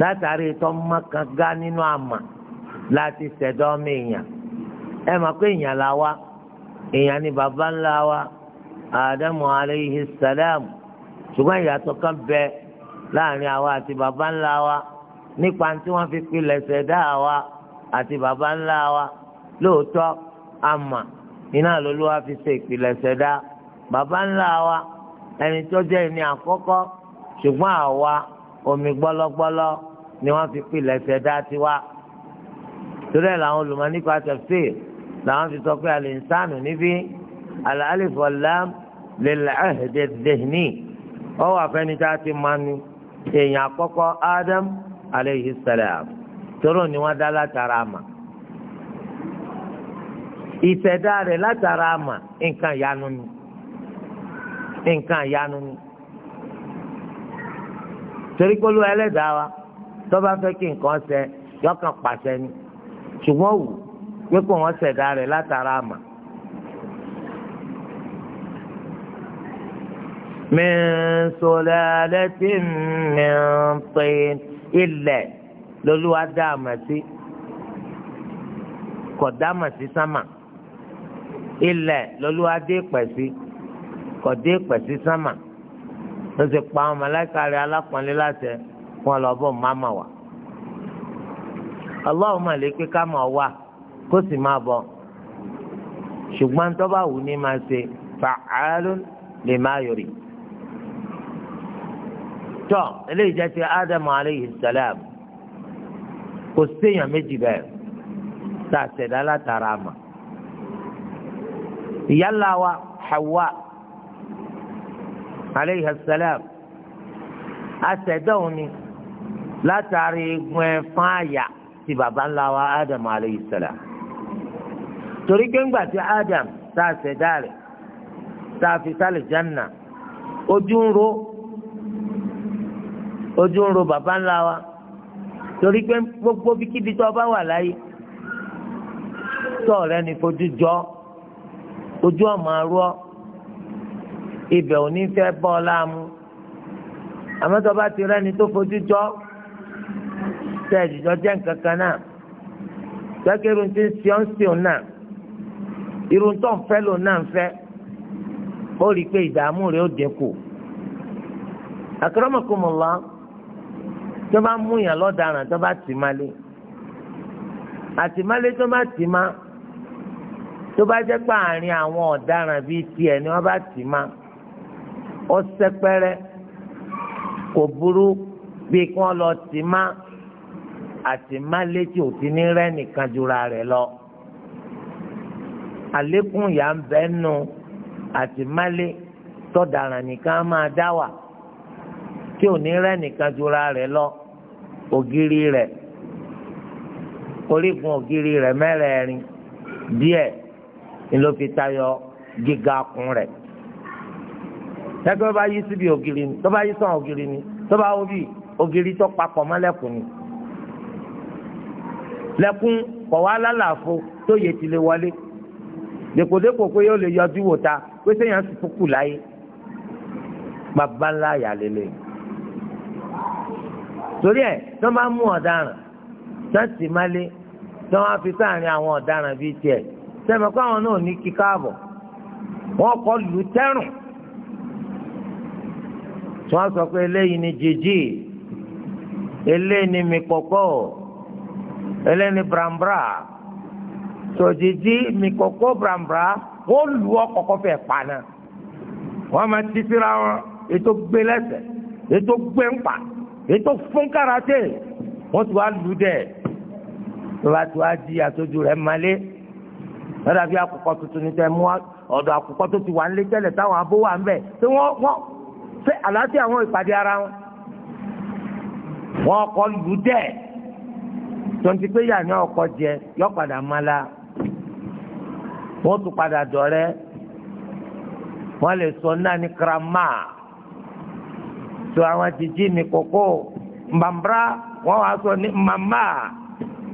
látàrí ìtọ́ mọ́kàngá nínú àmà láti ṣẹ̀dọ́ ọmọ èèyàn ẹ mọ̀ pé èèyàn la wá. èèyàn ni bàbá ńlá wa Ádámù aleyhi salam ṣùgbọ́n ìyàtọ̀ kan bẹ láàrin àwa àti bàbá ńlá wa nípa tí wọ́n fi pilẹ̀ ṣẹ̀dá àti bàbá ńlá wa lóòótọ́ àmà iná lolúwa fi ṣe bàbá wa ẹni tó jẹ́ ṣùgbọ́n àwa omi gbọ́lọ́gbọ́lọ́ ni wọ́n fi pilẹ̀ tiwa torí ẹ̀ làwọn olùmọ̀ nípa làwọn fi sọ pé al-insanu níbí al-alif wal-lam lil-ahd adh-dhihni ọwọ́ àfẹnitá ti máa ní èèyàn àkọ́kọ́ Adam aleyhi salam tóró ni wọ́n dá látara àmà ìṣẹ̀dá rẹ̀ látara àmà nǹkan ìyanu ni nǹkan ìyanu ni torí pé ẹlẹ́dàá wa tó fẹ́ kí nǹkan ṣe yọkàn pàṣẹ ni ṣùgbọ́n wù dípò wọ́n ṣẹ̀dá rẹ̀ látara àmà. min sulalatin min tin ilẹ̀ lolúwa dá àmà sí kọ̀dá àmà sí sámà ilẹ̀ lolúwa dé pẹ̀ sí kọ̀dé pẹ̀ sí sámà ló ti pa àwọn màláíkà rẹ̀ alápọ̀nlé láṣẹ wọn lọ bọ̀ máma wá. Allahumma lè pé ká máa wà kó sì máa bọ̀ ṣùgbọ́n tó bá wù ní máa ṣe fa'alun lima yuri. tọ́ eléyìí jẹ́ ti ádámù aleyhi sàlám kò séèyàn méjì bẹ́ẹ̀ tá a ṣẹ̀dá látara àmà. ìyálà wa Hawa aleyhi sàlám a òun ni látàrí egun ẹ̀fọn ti baba ńlá wa ádámù aleyhi sàlám torí pé ńgbà tí Adam tá a ṣẹ̀dá rẹ̀ tá a fi sálẹ̀ jánà ojú ń ro ojú ń ro bàbá ńlá wa torí pé gbogbo bíkíbi tó bá wà láyé tọ́ rẹ ni fojú jọ ojú ọmọ arúọ ibẹ̀ ò ní fẹ́ bọ́ ọ láàmú àmọ́ tó bá ti rẹ́ni tó fojú jọ tẹ́ jẹ́ nǹkan kan náà gbẹ́kẹ̀rù ti ń ṣe ọ́n náà irun tó ń fẹ́ ló náà ń fẹ́ ó rí i pé ìdààmú rẹ̀ ó dínkù àkàràmọ̀kùmọ̀lá tó bá mú yàn lọ́daràn tó bá tì má lé àtìmálé tó bá tì má tó bá jẹ́ pé àárín àwọn ọ̀daràn bíi tiẹ̀ ni wọ́n bá tì má ó sẹ́pẹ́rẹ́ kò burú bí kí wọ́n lọ tì má àtìmálé tí ò ti ní rẹ́ nìkan jura rẹ̀ lọ àlékún ìyà ń bẹ nù àtìmálé tọ́daràn nìkan máa dá wà tí ò ní rẹ́ nìkan jura rẹ̀ lọ ògiri rẹ̀ orígun ògiri rẹ̀ mẹ́rẹ̀ẹ̀rin díẹ̀ ni ló fi tayọ gíga kun rẹ̀ tẹ́gbẹ́ bá yí síbi ògiri ni tó bá yí sàn ògiri ni tó bá wọ́n bí ògiri tó papọ̀ mọ́lẹ́kùn ni lẹ́kùn kọ̀wá lálàfo tó yẹ ti lè wọlé dèkòdèkò pé yóò lè yọjú wò ta pé sẹ́yìn àti kúkú láyé bàbá ńlá yà lélẹ̀ torí ẹ̀ tó máa mú ọ̀daràn tó sì má lé tó wá fi sáàrin àwọn ọ̀daràn bíi tiẹ̀ sẹ́mi kó àwọn náà ní kíkà àbọ̀ wọ́n kọ́ lù tẹ́rùn tí wọ́n sọ pé eléyìí ni jìjì eléyìí ni mìkọ̀kọ̀ eléyìí ni brambra sọ̀jẹ̀jẹ̀ mìkọ̀kọ́ brambra wọ́n lù ọ́ kọ̀kọ́ fẹ́ pa náà wọ́n máa ti síra wọn ètò gbé lẹ́sẹ̀ ètò gbé ńpa ètò fún karate wọ́n ti wá lù dẹ̀ tó bá ti wá di àtọ́jú rẹ̀ malé lọ́dà bí akọ̀kọ̀ tuntun ní tẹ́ mú ọ̀dọ̀ akọ̀kọ̀ tó ti wà ń lé tẹ́lẹ̀ táwọn abó wà ń bẹ̀ tí wọ́n wọ́n fẹ́ àlàáfíà wọn ìpàdé ara wọn wọ́n kọ́ lù dẹ̀ tó ń ti jẹ yọ padà má la wọ́n tún padà dọ̀rẹ́ wọ́n lè sọ náà ní karama tó àwọn jìjì ní kókó mbàmbrá wọ́n wá sọ ní màmá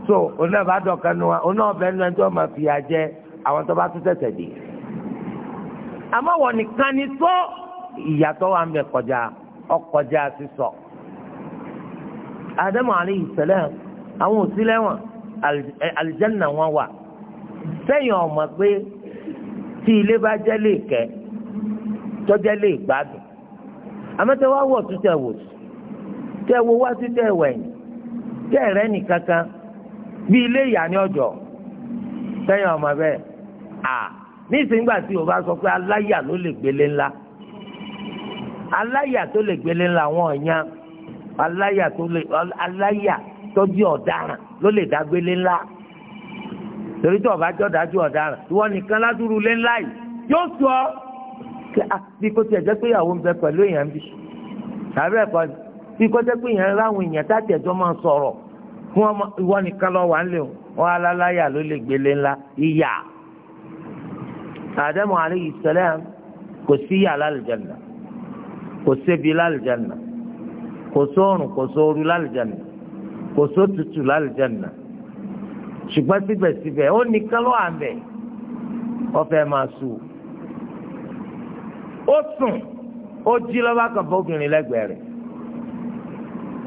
tó oná bá dọ̀kan nu wa oná ọbẹ̀ nu ẹni tó máa fìyà jẹ àwọn tó bá tún tẹ̀sẹ̀ dì. àmọ́ wọ́n nìkan ni tó ìyàtọ̀ wa ń bẹ kọjá ọkọjá sísọ. Ádámù alayhi salam àwọn òsílẹ̀ wọn àlìjẹ́nà wọn wà sẹ́yìn ọmọ pé tí ilé bá jẹ́ lè kẹ́ tọ́jẹ́ lè gbádùn àmọ́tẹ́ wá wọ̀ tó tẹ̀ wò tẹ̀ wo wá tó tẹ̀ wẹ̀yìn tẹ̀ rẹ́ nìkankan bí ilé ìyá ní ọjọ́ sẹ́yìn ọmọ bẹ́ẹ̀ à ní ìsìngbà tí o bá sọ pé aláyà ló lè gbélé ńlá aláyà tó lè gbélé ńlá wọn ọ̀yàn aláyà tó lè aláyà tó ọ̀daràn ló lè dá gbélé ńlá torí tí ọba jọ dájú ọ̀daràn ìwọ nìkan ládùúrú lé ńlá yìí yóò sọ bí kò tiẹ̀ jẹ́ pé ìyàwó ń bẹ pẹ̀lú èèyàn bí tàbí ẹ̀kọ́ bí kò jẹ́ pé èèyàn ráwọn èèyàn táti ẹ̀jọ́ máa sọ̀rọ̀ fún ìwọ nìkan lọ wà ń lè wọn alálàyà ló lè gbélé ńlá ìyà àdẹ́mu alayhi salam kò sí ìyà lálùjẹ̀nà kò sébi lálùjẹ̀nà kò sóòrùn kò sóoru lálùjẹ̀nà kò sótútù lálùjẹ̀nà ṣùgbọ́n síbẹ̀síbẹ̀ ó nìkan ló wà bẹ̀ ọ̀fẹ́ máa sùn ó sùn ó jí lọ́ba kan fóbìnrin lẹ́gbẹ̀ẹ́ rẹ̀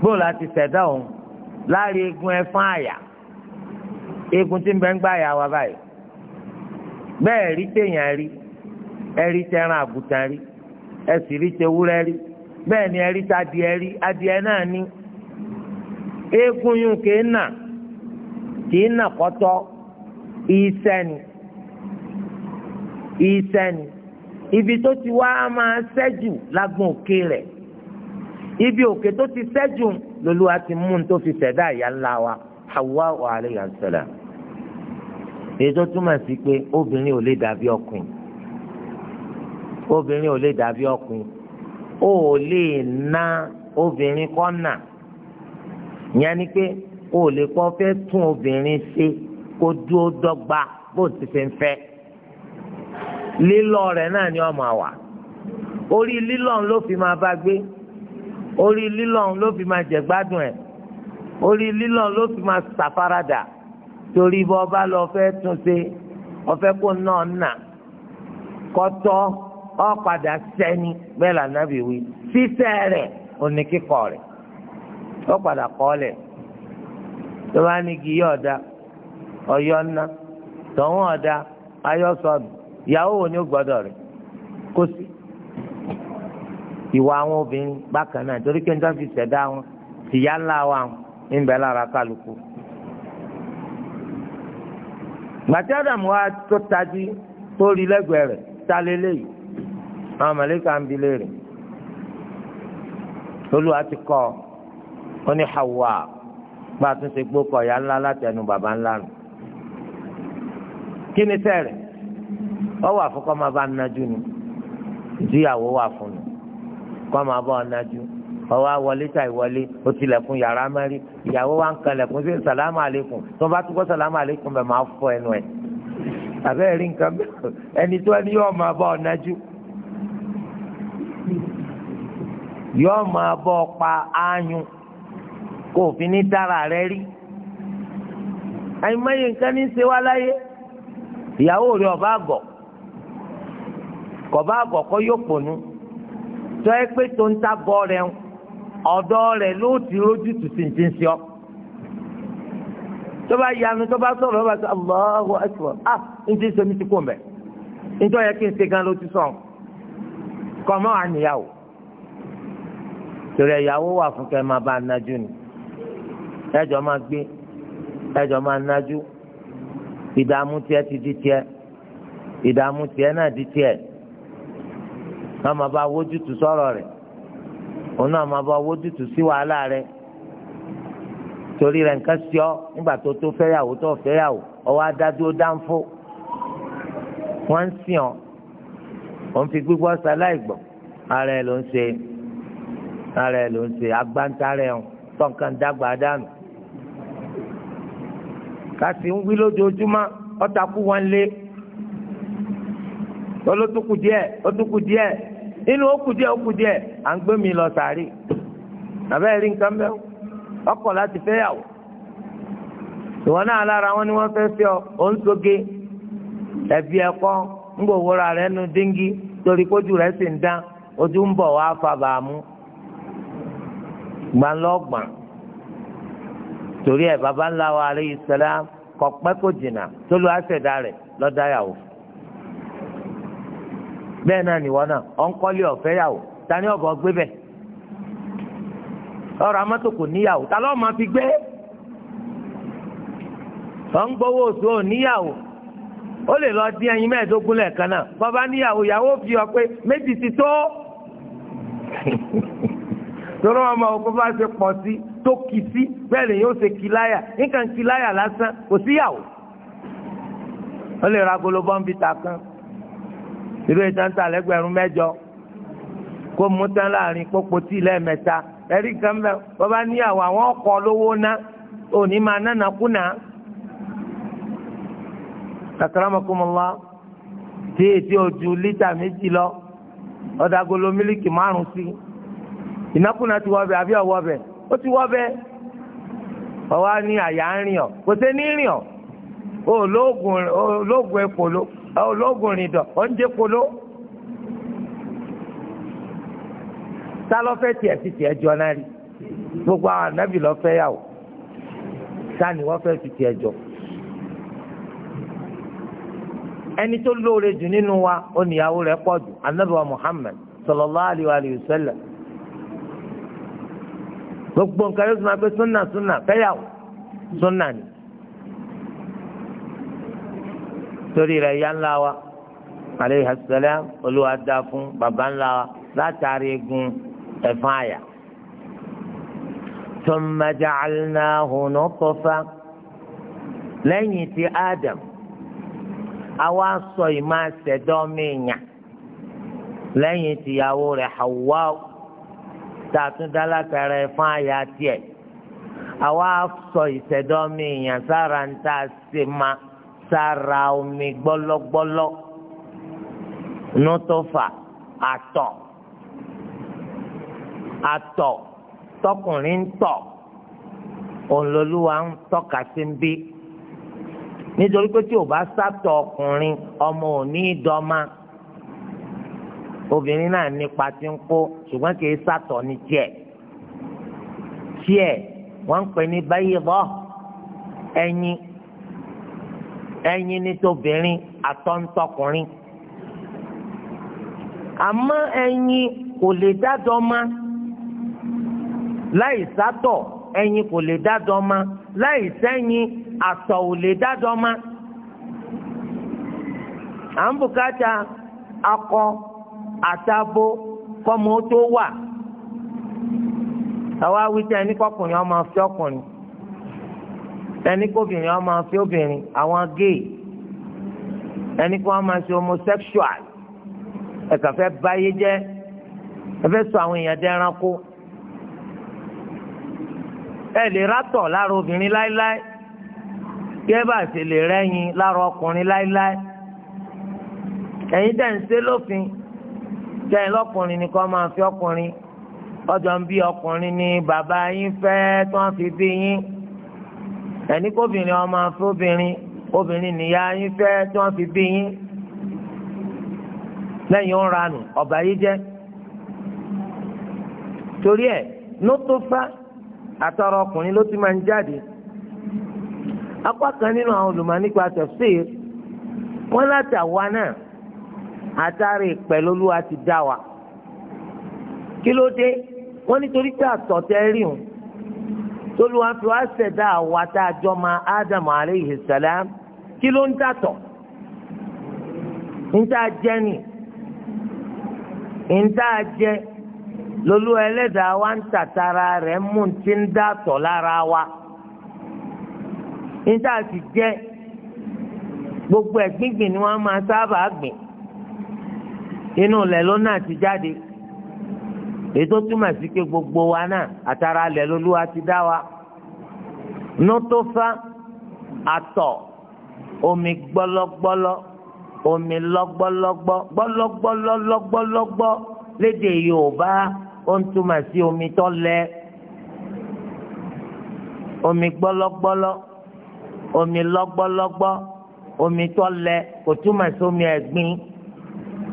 bóòlù àti ṣẹ̀dá òun láàrin eegun ẹ̀fọn àyà eegun tí ń bẹ ń gbà yà wá báyìí bẹ́ẹ̀ rí téèyàn rí ẹ̀rí tẹran àgùntàn rí ẹ̀sì rí tewúrẹ́ rí bẹ́ẹ̀ ni ẹ̀rí tadìẹ rí adìẹ náà ní eegun yún kéé náà kì í nà kọ́tọ́ iṣẹ́ ni iṣẹ́ ni ibi tó ti wá máa ṣẹ́jù lágbọ̀n òkè rẹ̀ ibi òkè tó ti ṣẹ́jù lolúwa ti mú un tó fi ṣẹ̀dá ìyá ńlá wa Hawa wa aleyhi salam èyí tó túmọ̀ sí pé obìnrin ò lè dàbí ọkùnrin obìnrin ò lè dàbí ọkùnrin ó lè na obìnrin kọ́ nà yẹn ni pé o lè kọ́ fẹ́ tún obìnrin ṣe kó dúró dọ́gba bó ti ṣe ń fẹ́ lílọ rẹ̀ náà ni ọmọ àwà orí lílọ ló fi máa bá gbé orí lílọ ló fi máa jẹ gbádùn ẹ̀ orí lílọ ló fi máa ṣàfaradà torí bọ́ ọba lọ fẹ́ tún ṣe ọfẹ́ kó náà nà kọ́tọ́ ọ padà sẹ́ni bẹ́ẹ̀ lànà bìí wí sísẹ́ rẹ̀ òní kíkọ rẹ̀ ọ kọ́ lẹ̀ tó bá ní kí yọ ọ̀dà ọ̀yọ́ ńná tọ̀hún ọ̀dà ayọ́sọ̀nù ìyàwó wo ni ó gbọ́dọ̀ rẹ̀ kó sí. ìwà àwọn obìnrin bákan náà torí pé nítorí fi ṣẹ̀dá wọn tìyá ńlá wa ń bẹ lára kálukú. gbàtí ádámù wa tó tají tó rí lẹ́gbẹ̀ẹ́ rẹ̀ ta lélẹ́yìí àwọn mọ̀lẹ́kà ń bi léèrè olúwa ti kọ́ ọ ní hawa bá a tún ṣe gbó kọ̀ọ̀yà ńlá látẹnu bàbá ńlá nù. kí ni sẹ́ẹ̀rẹ̀ ọ wà fún kọ́ máa bá nájú ni ìdíyàwó wà fún un kọ́ máa bá ọ nájú ọwọ́ wọlé tà ìwọlé o tilẹ̀kùn yàrá mẹ́rin ìyàwó wa ń kalẹ̀kùn sí sàlámù àlékún tó bá túbọ̀ sàlámù àlékún bẹ̀ máa fọ ẹnu ẹ̀ àbẹ́ rí nǹkan bẹ́ẹ̀ ẹni tó ẹni yóò máa bá ọ nájú yóò máa bá ọ pa áyún kó o fi ní dára rẹ rí àìmọye nǹkan ní í ṣe wá láyé ìyàwó rẹ ọba àgọ kọba àgọ kọ yóò pònú tọ́ ẹ pé tó ń ta bọ́ rẹ ń ọ̀dọ́ rẹ ló ti rójú tùtùntùn sí ọ tó bá yanu tó bá sọ̀rọ̀ bá sọ Allahu Akbar ah n ti sọ mi ti kó mbẹ́ nítorí yẹ kí n ṣe gan ló ti sọ̀n kọ́ mọ́ àníyàwó torí ẹ̀yàwó wà fún kẹ́ máa bá a nájú ni. ẹjọ́ máa gbé ẹjọ́ máa nájú ìdààmú tiẹ̀ ti di tiẹ̀ ìdààmú tiẹ̀ náà di tiẹ̀ náà máa bá wójútu sọ̀rọ̀ rẹ. òun náà máa bá wójútu sí wàhálà rẹ̀ torí rẹ nǹkan sí nígbà tó tó fẹ́yàwó tó adádúró dáńfó ń sìn òun fi ara ló ń ṣe ara ló ń ṣe dàgbà dànù. kasi ń wí lójoojúmọ́ ọ̀tàkù wọn lé olótùkù díẹ̀ olótùkù díẹ̀ inú òkù díẹ̀ òkù díẹ̀ à ń gbé mi lọ sàárì àbẹ́ rí nǹkan bẹ́ẹ̀ ọkọ̀ láti fẹ́ yàwó ìwọ náà lára wọn ni wọ́n fẹ́ ọ ń soge ẹ̀bí ẹ̀kọ́ ń gbòòwòrà rẹ̀ nu díngí torí kójú rẹ̀ sì ń dán ojú ń bọ̀ torí ẹ baba ńlá wa aleyhi sẹlẹm kọ pẹ́ kó jìnnà tólú àṣẹdá rẹ̀ lọ́dá yàwó bẹ́ẹ̀ náà nìwọ náà ọ̀nkọ́lé ọ̀fẹ́ yàwó tani ọ̀bọ̀ gbé bẹ̀ ọ̀rọ̀ amátò kò níyàwó ta lọ́ọ́ máa fi gbé ọ̀ngbọ́wọ́ oṣù ò níyàwó ó lè lọ dín ẹyin mẹ́ẹ̀ẹ́dógún lẹ́ẹ̀kan náà bàbá níyàwó yàwó fi ọ pé méjì ti tó ọmọ òkú bá ṣe pọ̀ sí tó kì sí bẹ́ẹ̀ lèyìn ó ṣe kì láyà nǹkan kì láyà lásán kò síyàwó ó lè ra agolo bọ́ǹbìtà kan ìlú ìtàntà lẹ́gbẹ̀rún mẹ́jọ kó mú tán láàrin pópó tí lẹ́ẹ̀mẹ́ta ẹ̀rí kan bẹ́ẹ̀ bọ́bá níyàwó àwọn ọkọ̀ lówó ná òní máa nánà kúnà akaramakumala tí ètí ojú lítà méjì lọ ọ̀dàgolo mílíkì márùn sí ìnákùnà ti wọ́ bẹ̀ àbí ọ̀wọ́ bẹ̀ ó ti wọ́ bẹ́ẹ̀ ọwọ́ ní àyà ń rìn ọ́ kò sí ní rìn ọ́ olóògùn ekolo olóògùn rìndọ̀ oúnjẹ kolo ta lọ fẹ́ tiẹ̀ sí tiẹ̀ jọ náà rí gbogbo àwọn ànábì lọ fẹ́ yà wò ta ni wọ́n fẹ́ fi tiẹ̀ jọ. ẹni tó lóore jù nínú wa ó níyàwó pọ̀ jù wa Muhammad sallallahu aliyu gbogbo nǹkan yóò tún máa pé súnà súnà fẹ́yàwó súnà ni. torí rẹ̀ ìyá ńlá wa aleyhi salam olúwa dá fún bàbá ńlá wa látàrí egun ẹ̀fọn àyà. thumma ja'alnahu nutfa lẹ́yìn tí Adam àwa sọ ìmọ̀ àṣẹdọ́mìyàn lẹ́yìn tìyàwó rẹ̀ Hawwa tá a tún dá látara ẹ̀ fún àyà tiẹ̀ àwa sọ ìṣẹ̀dọ́ mi èèyàn sára ń tá a ma sára omi gbọ́lọ́gbọ́lọ́ nùtọ́fà àtọ̀ àtọ̀ tọkùnrin ń tọ̀ òǹlọ́lúwa ń tọ́ka sí ń bí nítorí pé tí o bá sátọ̀ ọkùnrin ọmọ ò ní obìnrin náà nípa ti ń kó ṣùgbọ́n kì í sàtọ̀ ní tiẹ̀ tiẹ̀ wọ́n ń pè ní bọ́ ẹyin ẹyin ní tóbìnrin àtọ́ntọkùnrin àmọ́ ẹyin kò lè dádọ́ ma láì sàtọ̀ ẹyin kò lè dádọ́ ma láì sẹ́yìn àtọ̀ ò lè dádọ́ ma à ń bùkátà akọ. àtàbó kọ́mọ tó wà àwa wíjẹ́ ẹni kọkùnrin ọmọ fi ọkùnrin ẹni kóbìnrin ọmọ fi obìnrin àwọn géè ẹni kó wọn máa ṣe homosexual ẹ̀ka fẹ́ báyé jẹ́ ẹ fẹ́ sọ àwọn èèyàn dẹ́ ẹranko ẹ lè rátọ̀ lára obìnrin láéláé gẹ́gẹ́ bá ṣe lè rẹ́yìn lára ọkùnrin láéláé ẹ̀yin dẹ̀ ń ṣe lófin kẹ́yìn lọ́kùnrin ni kọ́ máa fi ọkùnrin ọjọ́ ń bí ọkùnrin ni bàbá yín fẹ́ tó ń fi bí yín ẹni kóbìnrin ọmọ afọbìnrin obìnrin nìyá yín fẹ́ tó ń fi bí yín lẹ́yìn ọ̀ranù ọ̀bà yìí jẹ́ torí ẹ̀ ló tó àtọrọ ọkùnrin ló ti máa ń jáde apá kan nínú àwọn olùmọ̀ nípa tẹ̀síìr wọ́n láti àwa náà. àtàrí pẹ̀lú olúwa ti dá wa kí ló dé wọ́n nítorí pé àtọ̀tẹ́ rí òun tolúwa fi wá ṣẹ̀dá àwa tá a jọ ma ádámù aleyhi sàlám kí ló ń dàtọ̀ níta jẹ́ ni níta jẹ́ lolú ẹlẹ́dàá wa ń tàtara rẹ̀ mú ti ń dàtọ̀ lára wa níta sì jẹ́ gbogbo ẹ̀ ni wọ́n máa sábà gbìn. inú ilẹ̀ ló náà ti jáde ètò túmọ̀ sí pé gbogbo wa náà àtàrà ilẹ̀ lolúwa ti dá wa nótófá àtọ̀ omi gbọlọgbọlọ omi lọgbọlọgbọ gbọlọgbọlọgbọlọgbọ lédè Yorùbá ó ń túmọ̀ sí omi tó lẹ omi gbọlọgbọlọ omi lọgbọlọgbọ omi tó lẹ kò túmọ̀ sí omi ẹ̀gbin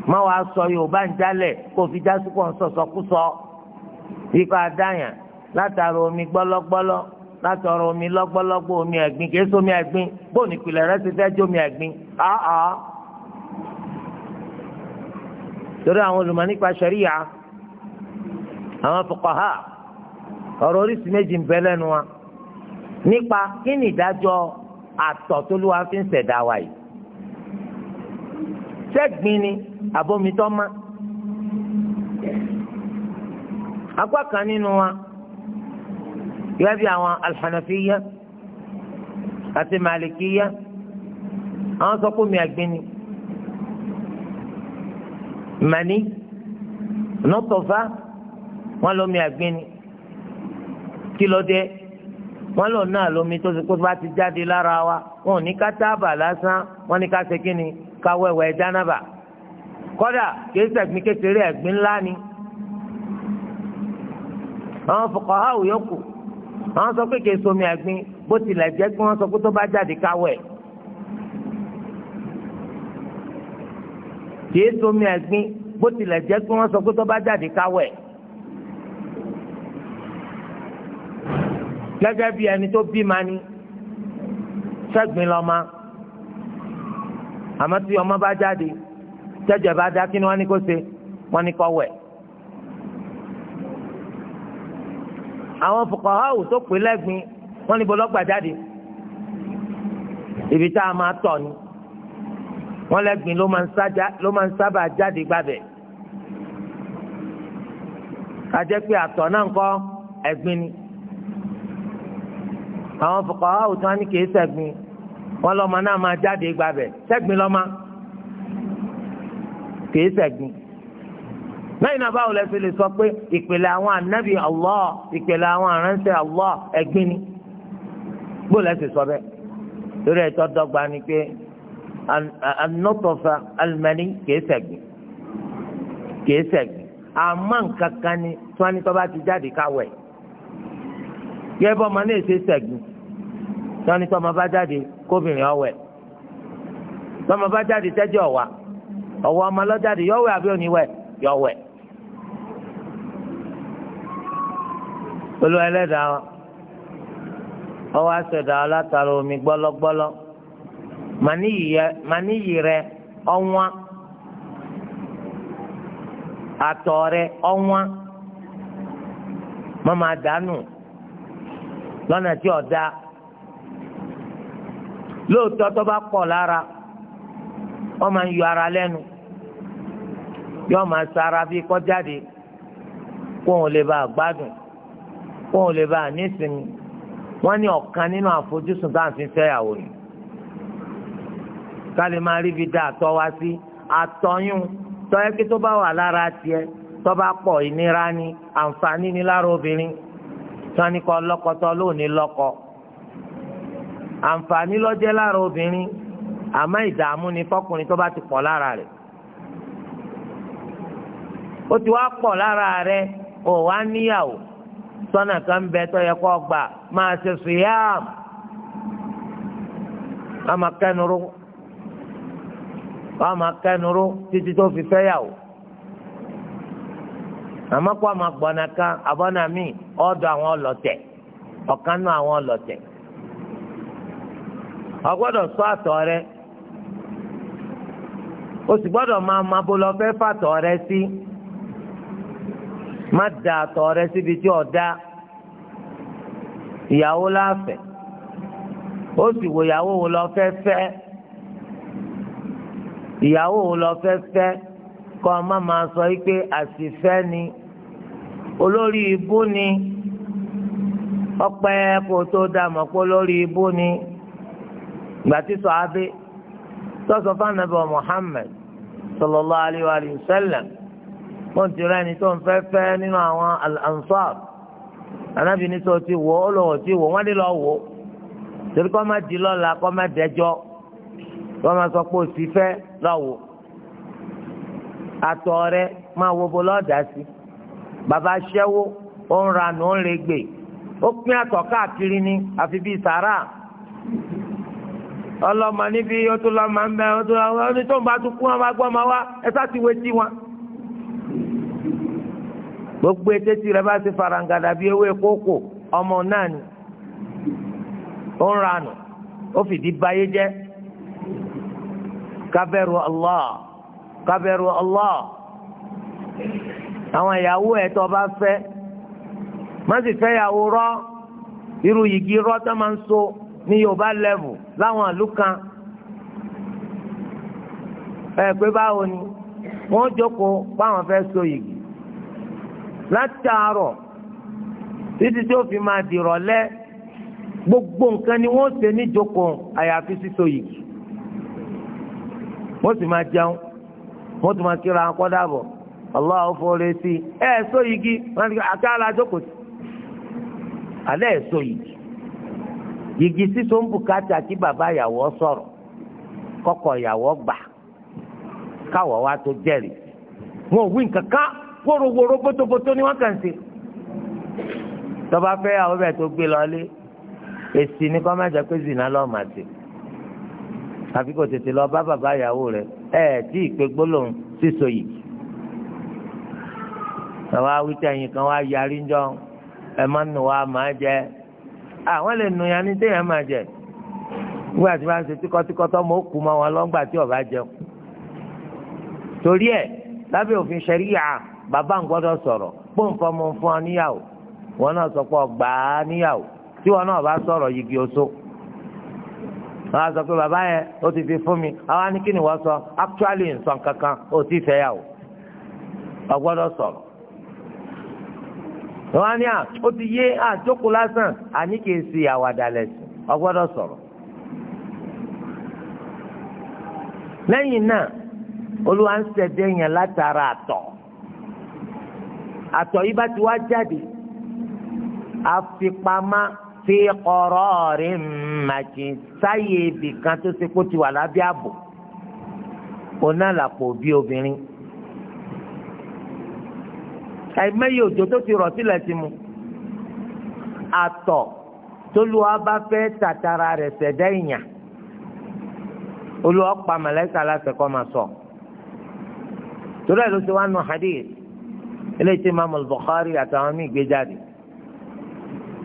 má wàá sọ yorùbá ń jálẹ̀ kó fi já sí pọ̀ ń sọ̀sọ̀kúsọ. ikọ̀ adáyàn látara omi gbọ́lọ́gbọ́lọ́ látara omi lọ́gbọ́lọ́gbọ́ omi ẹ̀gbin kìí sómi ẹ̀gbin bóun ìpìlẹ̀ rẹ ti fẹ́ jómi ẹ̀gbin ọ̀ọ́. torí àwọn olùmọ̀ nípa ṣẹ̀ríyà àwọn fuqaha ọ̀rọ̀ oríṣi méjì ń bẹ lẹ́nu wa nípa kí ni ìdájọ́ àtọ̀ tó lúwa fi ń ṣẹ̀dá wa yìí sẹ́gbin ni àbomitọ́ mọ́ apá kan nínú wa gẹ́gẹ́ bí àwọn alhànàfíyá àti màlìkíyá àwọn sọ pé omi àgbin ni màní nọ́tọ̀fà wọn lómi àgbin ni kí ló dé wọn lò náà lómi tó ti kó bá ti jáde lára wa wọn ò ní ká tábà lásán wọn ní ká ṣe ni káwẹ́wẹ́ jánábà kọ́dà kìí ṣẹ̀gbin kékeré ẹ̀gbin ńlá ni àwọn fuqaha yòókù àwọn sọ pé kìí ṣomi ẹ̀gbin bó tilẹ̀ jẹ́ pé wọ́n sọ pé tó bá jáde káwẹ́ kìí ṣomi ẹ̀gbin bó tilẹ̀ jẹ́ pé wọ́n sọ pé tó bá jáde káwẹ́ gẹ́gẹ́ bí ẹni tó bí ma ni ṣẹ́gbin lọ́ma àmọ́ tí ọmọ bá jáde jẹjẹ bá dá kí ni wọ́n ní kó ṣe wọ́n ní kó wẹ̀. àwọn fòkànháwù tó pè lẹ́gbin wọ́n ní bọ́lọ́gbà jáde ibi tá a máa tọ̀ ni wọ́n lẹ́gbin ló máa ń sábà jáde gbàbẹ̀. kájẹ́ pé àtọ̀ náà ń kọ́ ẹ̀gbin ni àwọn fòkànháwù tó wá ní kì í ṣẹ̀gbin wọn lọ́mọ náà máa jáde gbàbẹ̀ sẹ́gbin lọ́mọ kìí sẹ́gbin lẹ́yìn náà báwo lẹ ṣe lè sọ pé ìpìlẹ̀ àwọn ànábì Allah ìpìlẹ̀ àwọn aránṣẹ́ Allah ẹ̀gbin ni gbọ́ lẹ ṣe sọ bẹ́ẹ̀ lórí ẹ̀tọ́ dọ́gba ni pé anọ́tọ̀fà alimẹ́ni kìí sẹ́gbin kìí sẹ́gbin àmọ́ nǹkan ni tí wọ́n ní tó bá ti jáde káwẹ̀ yẹ bọ́ ọmọ náà ṣe sẹ́gbin. wọ́n ní ma bá jáde kóbìnrin ọ̀wẹ̀ tọ́mọ bá jáde tẹ́jọ́ ọ̀wà ọ̀wọ́ ọmọ lọ́jáde yọ̀wẹ̀ àbí oníwẹ̀ yọ̀wẹ̀. olú ẹlẹ́dàá ọwọ́ aṣọ̀dà látara omi gbọ́lọ́gbọ́lọ́ màníyì rẹ ọ̀wọ́n àtọ̀ rẹ ọ̀wọ́n mọ́mọ́ àdánù lọ́nà tí ọ̀dà. lóòótọ́ tó bá pọ̀ lára wọ́n máa ń yọ ara lẹ́nu yóò máa sara bí kọjáde kó òun lè bá gbádùn kó òun lè bá nísìnyí wọ́n ní ọ̀kan nínú àfojúsùn tá à ń fi fẹ́yàwó ni ká lè máa rí ibi dá àtọ̀ wá sí àtọyún tọ́yẹ́ kí tó bá wà lára tiẹ̀ tó bá pọ̀ ìnira ni àǹfààní ni lára obìnrin tí ní kọ́ lọ́kọ tó lóòní lọ́kọ àǹfààní lọ́jẹ́ lára obìnrin àmọ́ ìdààmú ni fọkùnrin tó bá ti pọ̀ lára rẹ̀ ó ti wá pọ̀ lára rẹ̀ ò wá níyàwó sọ́nà kan bẹ tó yẹ kó gbà máa ṣe sùyàm ọmọ kẹnuru ọmọ kẹnuru títí tó fi fẹ́ àmọ́ kó ọmọ gbọ̀nà kan àbọ̀nà míì ọ̀dọ̀ àwọn ọlọ́tẹ̀ ọ̀kan náà àwọn ọlọ́tẹ̀. o gbọ́dọ̀ ṣọ́ àtọ̀ rẹ o sì gbọ́dọ̀ máa ma bó lọ fẹ́ fàtọ̀ rẹ sí má da àtọ̀ rẹ síbi tí ò ìyàwó láàfẹ́ o sì wò ìyàwó wo lọ fẹ́ fẹ́ ìyàwó wo lọ fẹ́ fẹ́ kọ́ ọ má máa sọ yìí pé àṣìfẹ́ ni olórí ibú ni ọpẹ́ kò tó dà gbàtí sọ̀hábí sọ̀sọ̀ fánàbọ̀ Muhammad sallallahu alayhi wa sallam wọ́n ti rẹ́ni tó ń fẹ́fẹ́ nínú àwọn al-ansar anábì ní sọ ti wò ó lòun ti wò wọ́n ní lọ wò torí kọ́ má di lọ́la kọ́ má dẹjọ́ kọ́ má sọ pé òsì fẹ́ lọ́wọ́ àtọ̀ rẹ máa wo bo lọ́ọ̀dà sí bàbá aṣẹ́wó ó ń ranù ó ń regbè ó pín àtọ̀ káàkiri ní àfi bíi sàrà. ọlọ́mọ níbi ó tún lọ́mọ ń bẹ ó tún lọ́mọ ó ní tó ń bá tún kú wọn bá gbọ́ ọmọ wa wọn. gbogbo ètè tí rẹ bá ti farangada bí ewé kókò ọmọ náà ni ó ń ranù ó fìdí báyé jẹ́ kábẹ́rù Allah kábẹ́rù Allah àwọn ìyàwó ẹ̀ tó bá fẹ́ má sì fẹ́ rọ́ irú rọ́ máa ń so. ní yorùbá lẹ́vù láwọn ìlú kan ẹ pé báwo ni wọ́n jókòó báwọn fẹ́ so yìgì láti àárọ̀ títí tí ó fi máa dìrọ̀lẹ́ gbogbo nǹkan ni wọ́n ṣe níjókòó àyàfi síso yìgì wọ́n sì máa jẹun wọ́n tún máa kíra akọ́ dàbọ̀ allah fọlẹ́ sí ẹ̀ so yìgì wọ́n ti ká àkàlà jókòó sí alẹ́ ẹ̀ so yìgì síso ń bùkátà kí bàbá ìyàwó sọ̀rọ̀ kọ́kọ́ ìyàwó gbà káwọ̀ wá tó jẹ́rìí wọn ò wí nǹkan ká wóróworó bótóbótó ni wọ́n kàn sí. tọ́ba fẹ́ àwọn bẹ̀ tó gbé lọlé èsì ni kọ́ má jẹ́ pé zina lọ́ọ́ mà sí. àfi kò tètè lọ bá bàbá ìyàwó rẹ̀ ẹ̀ tí ìpè gbólóhùn síso yìí. àwọn awítẹ̀yìn kan wá yarí jọ ẹ̀ má nù wá má jẹ́ àwọn lè nu yanni téèyàn máa jẹ nígbà tí wọ́n á ṣe tíkọ́tíkọ́ tó mọ̀ ó kú mọ́ wọn lọ́ngbà tí ọba jẹun torí ẹ̀ lábẹ́ òfin ṣẹ̀ríyà bàbá ń gbọ́dọ̀ sọ̀rọ̀ pọ́ǹpọ́ mọ́ fún ọ níyàwó wọn náà sọ pé ọgbà á níyàwó tí wọn náà bá sọ̀rọ̀ yigi oṣó wọn á sọ pé bàbá yẹn ó ti fi fún mi àwa ní kí sọ actually nǹkan kankan ó ti fẹ́ yàwó ọgbọ́dọ̀ sọ̀rọ̀ wọn á ní à ó ti yé àjókòó lásán àní kìí ṣe àwàdà lẹ́sìn ọgbọ́dọ̀ sọ̀rọ̀. lẹ́yìn náà olúwa ń ṣẹ̀dẹ̀ yẹn látara àtọ̀ àtọ̀ yìí bá ti wá jáde àfipamá fi ọ̀rọ̀ rẹ̀ màjì sáyé ibì kan tó ṣe kó ti wà lábẹ́ ààbò oná làpò bí obìnrin àìmọye òjò tó ti rọ̀ sílẹ̀ ti mu àtọ̀ tólúwa bá fẹ́ tàtàrà rẹ̀ ṣẹ̀dá ìyàn olúwa pa màláíkà láti kọ́ máa sọ torí ẹ̀ ló ti wá nù hadith eléyìí tí Imam al-Bukhari àtàwọn míì gbé jáde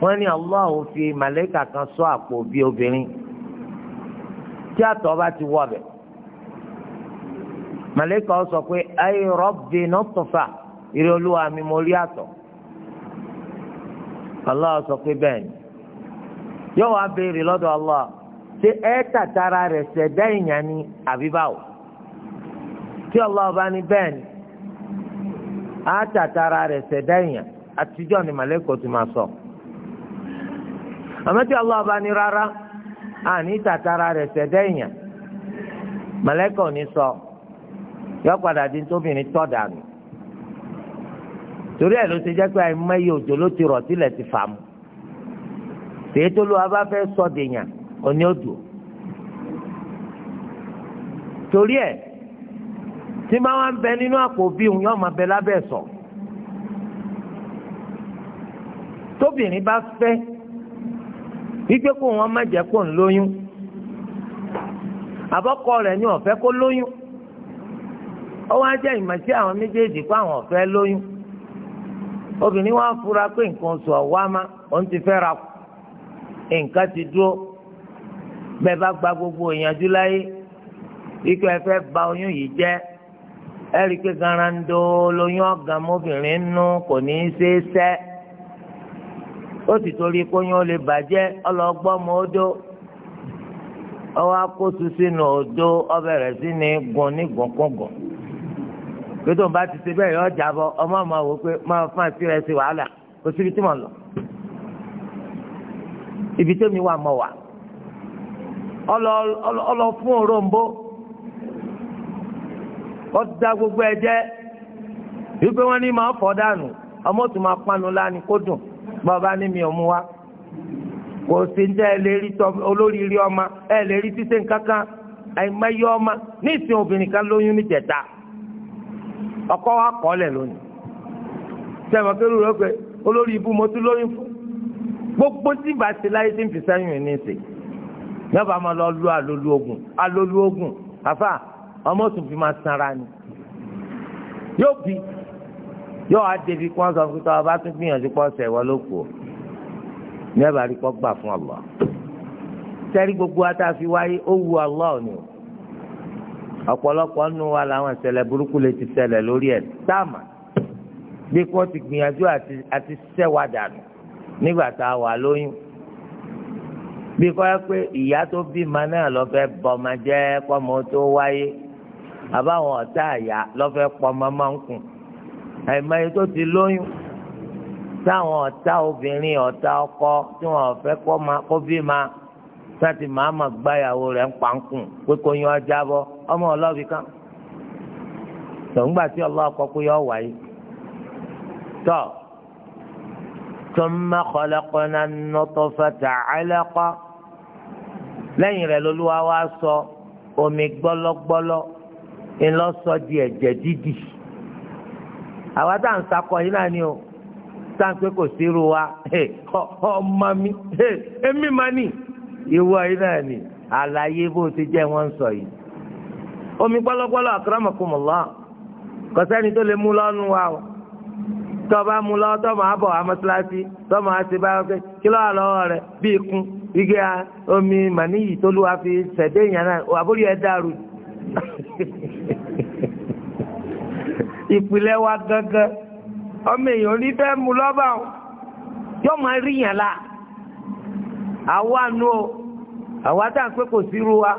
wọ́n ní Allah fi màláíkà kan sọ àpò bí obìnrin tí àtọ̀ bá ti wọ̀ bẹ̀ màláíkà ó sọ pé ay Rabbi nutfa ìrẹ olúwa mi mo rí àtọ̀ Allah sọ pé bẹ́ẹ̀ ni yóò wá béèrè lọ́dọ̀ Allah ṣé ẹ tàtara rẹ̀ ṣẹ̀dá èèyàn ni àbí báwo tí Allah bá ní bẹ́ẹ̀ ni á tàtara rẹ̀ ṣẹ̀dá èèyàn àtijọ́ ni màlẹ́kọ̀ọ́ ti máa sọ àmọ́ tí Allah bá ní rárá àní tàtara rẹ̀ ṣẹ̀dá èèyàn màlẹ́kọ̀ọ́ ní sọ yọ padà di tóbi ní tọ́ dànù torí ẹ̀ ló ṣe jẹ́ pé àìmọye òjò ló ti rọ̀ sílẹ̀ ti fà mu tèyí tó ló wa bá fẹ́ sọ dèèyàn òní odò torí ẹ̀ tí máa wá ń bẹ nínú àpò òun yóò máa bẹ lábẹ́ sọ tóbìnrin bá fẹ́ wípé kó wọn má jẹ́ kó ń lóyún àbọ́kọ rẹ̀ ni ó fẹ́ kó lóyún ó wá jẹ́ ìmọ̀ sí àwọn méjèèjì pé àwọn ó lóyún obìnrin wa fura pé nǹkan oṣù ọ̀wá ma òun ti fẹ́ ra nǹkan ti dúró bẹ́ẹ̀ bá gba gbogbo ìyànjú láyé ikú ẹ fẹ́ ba oyún yìí jẹ́ ẹ rí i pé garando lóyún ọ̀gàn mọ́bìnrin nù kò ní í ṣe é sẹ́ ó sì torí kóyún ó lè bàjẹ́ ọlọ́gbọ́n mọ́ ó dó ọwọ́ akóso sínú òdo ọbẹ̀ rẹ̀ sí ni gun ní gùnkúngùn. pé tó ń bá ti ṣe bẹ́ẹ̀ yọ ọjà bọ ọmọ ọmọ wò pé máa fún àti rẹ ṣe wàhálà kò síbi tí mo lọ ibi tó mi wà mọ wà ọlọ fún òrombó ó dá gbogbo ẹ jẹ wípé wọn ní máa fọ dànù ọmọ tó máa lánìí kó dùn bàbá ní mi ò mú wa kò sí ẹ lè rí olórí rí ọmọ ẹ lè ọkọ wa kọ́ lẹ̀ lónìí sẹ́wọ̀n kẹ́rù rẹ̀ pé olórí ibú mo tún lóyún fún gbogbo tí ba ti láyé tí ń fi sẹ́yìn ní ìsè yọba máa lọ lu alolu ogun alolu ogun àfà ọmọ tún fi máa sanra ni yóò bí yóò wá débi kí wọ́n sọ fún tọ́ ọba tún gbìyànjú pọ̀ sẹ̀wọ́ ló kù ọ́ ní ẹ̀ rí pọ́ gbà fún ọ̀lọ́ sẹ́rí gbogbo wa fi wáyé ó wu ọlọ́ọ̀ ni o ọ̀pọ̀lọpọ̀ nù wa làwọn ìṣẹ̀lẹ̀ burúkú lè ti ṣẹlẹ̀ lórí ẹ̀ táàmà bí kò ti gbìyànjú àti ṣẹ́wà dànù nígbà tá a wà lóyún bí kò yẹ pé ìyá tó bímọ náà lọ́fẹ́ bọ́mọ jẹ́ kọ́mọ tó wáyé àbáwọn ọ̀tá àyà lọ́fẹ́ pọ́mọ máa ń kùn àìmọye tó ti lóyún táwọn ọ̀tá obìnrin ọ̀tá ọkọ tí wọn ò fẹ́ kó bímọ sáàtì màmá gbáyàwó rẹ̀ ń pankùn pé kò yan ọjà bọ́ ọmọ ọlọ́ọ̀bì kan tọ̀ǹgbà tí ọlọ́ọ̀ kọ́ pé yọ wáyé tọ́ ثم خلقنا النطفة علقة lẹ́yìn rẹ̀ lolúwa wá sọ omi gbọ́lọ́gbọ́lọ́ ńlọ́sọ di ẹ̀jẹ̀ dídì àwa tá à ń sakọ yìí náà ni o tá à ń pé kò sí irú wa ọmọ mi èmi máa iwu yìí náà ni àlàyé bó ti jẹ́ wọ́n sọ omi gbọlọgbọlọ akramakumullah kò kọsẹni tó lè mú lọ́nu wa o tọ́ba mú lọ tọ́mọ abọ̀ amọ́síláṣí tọ́mọ àti rẹ bí igi omi màníyì tó lù wá fi ṣẹ̀dé ìyàn náà àbúrò ẹ̀ dàrú. ìpìlẹ̀ wa ọmọ èèyàn ní àwa nu o àwa tá ń kò sí wa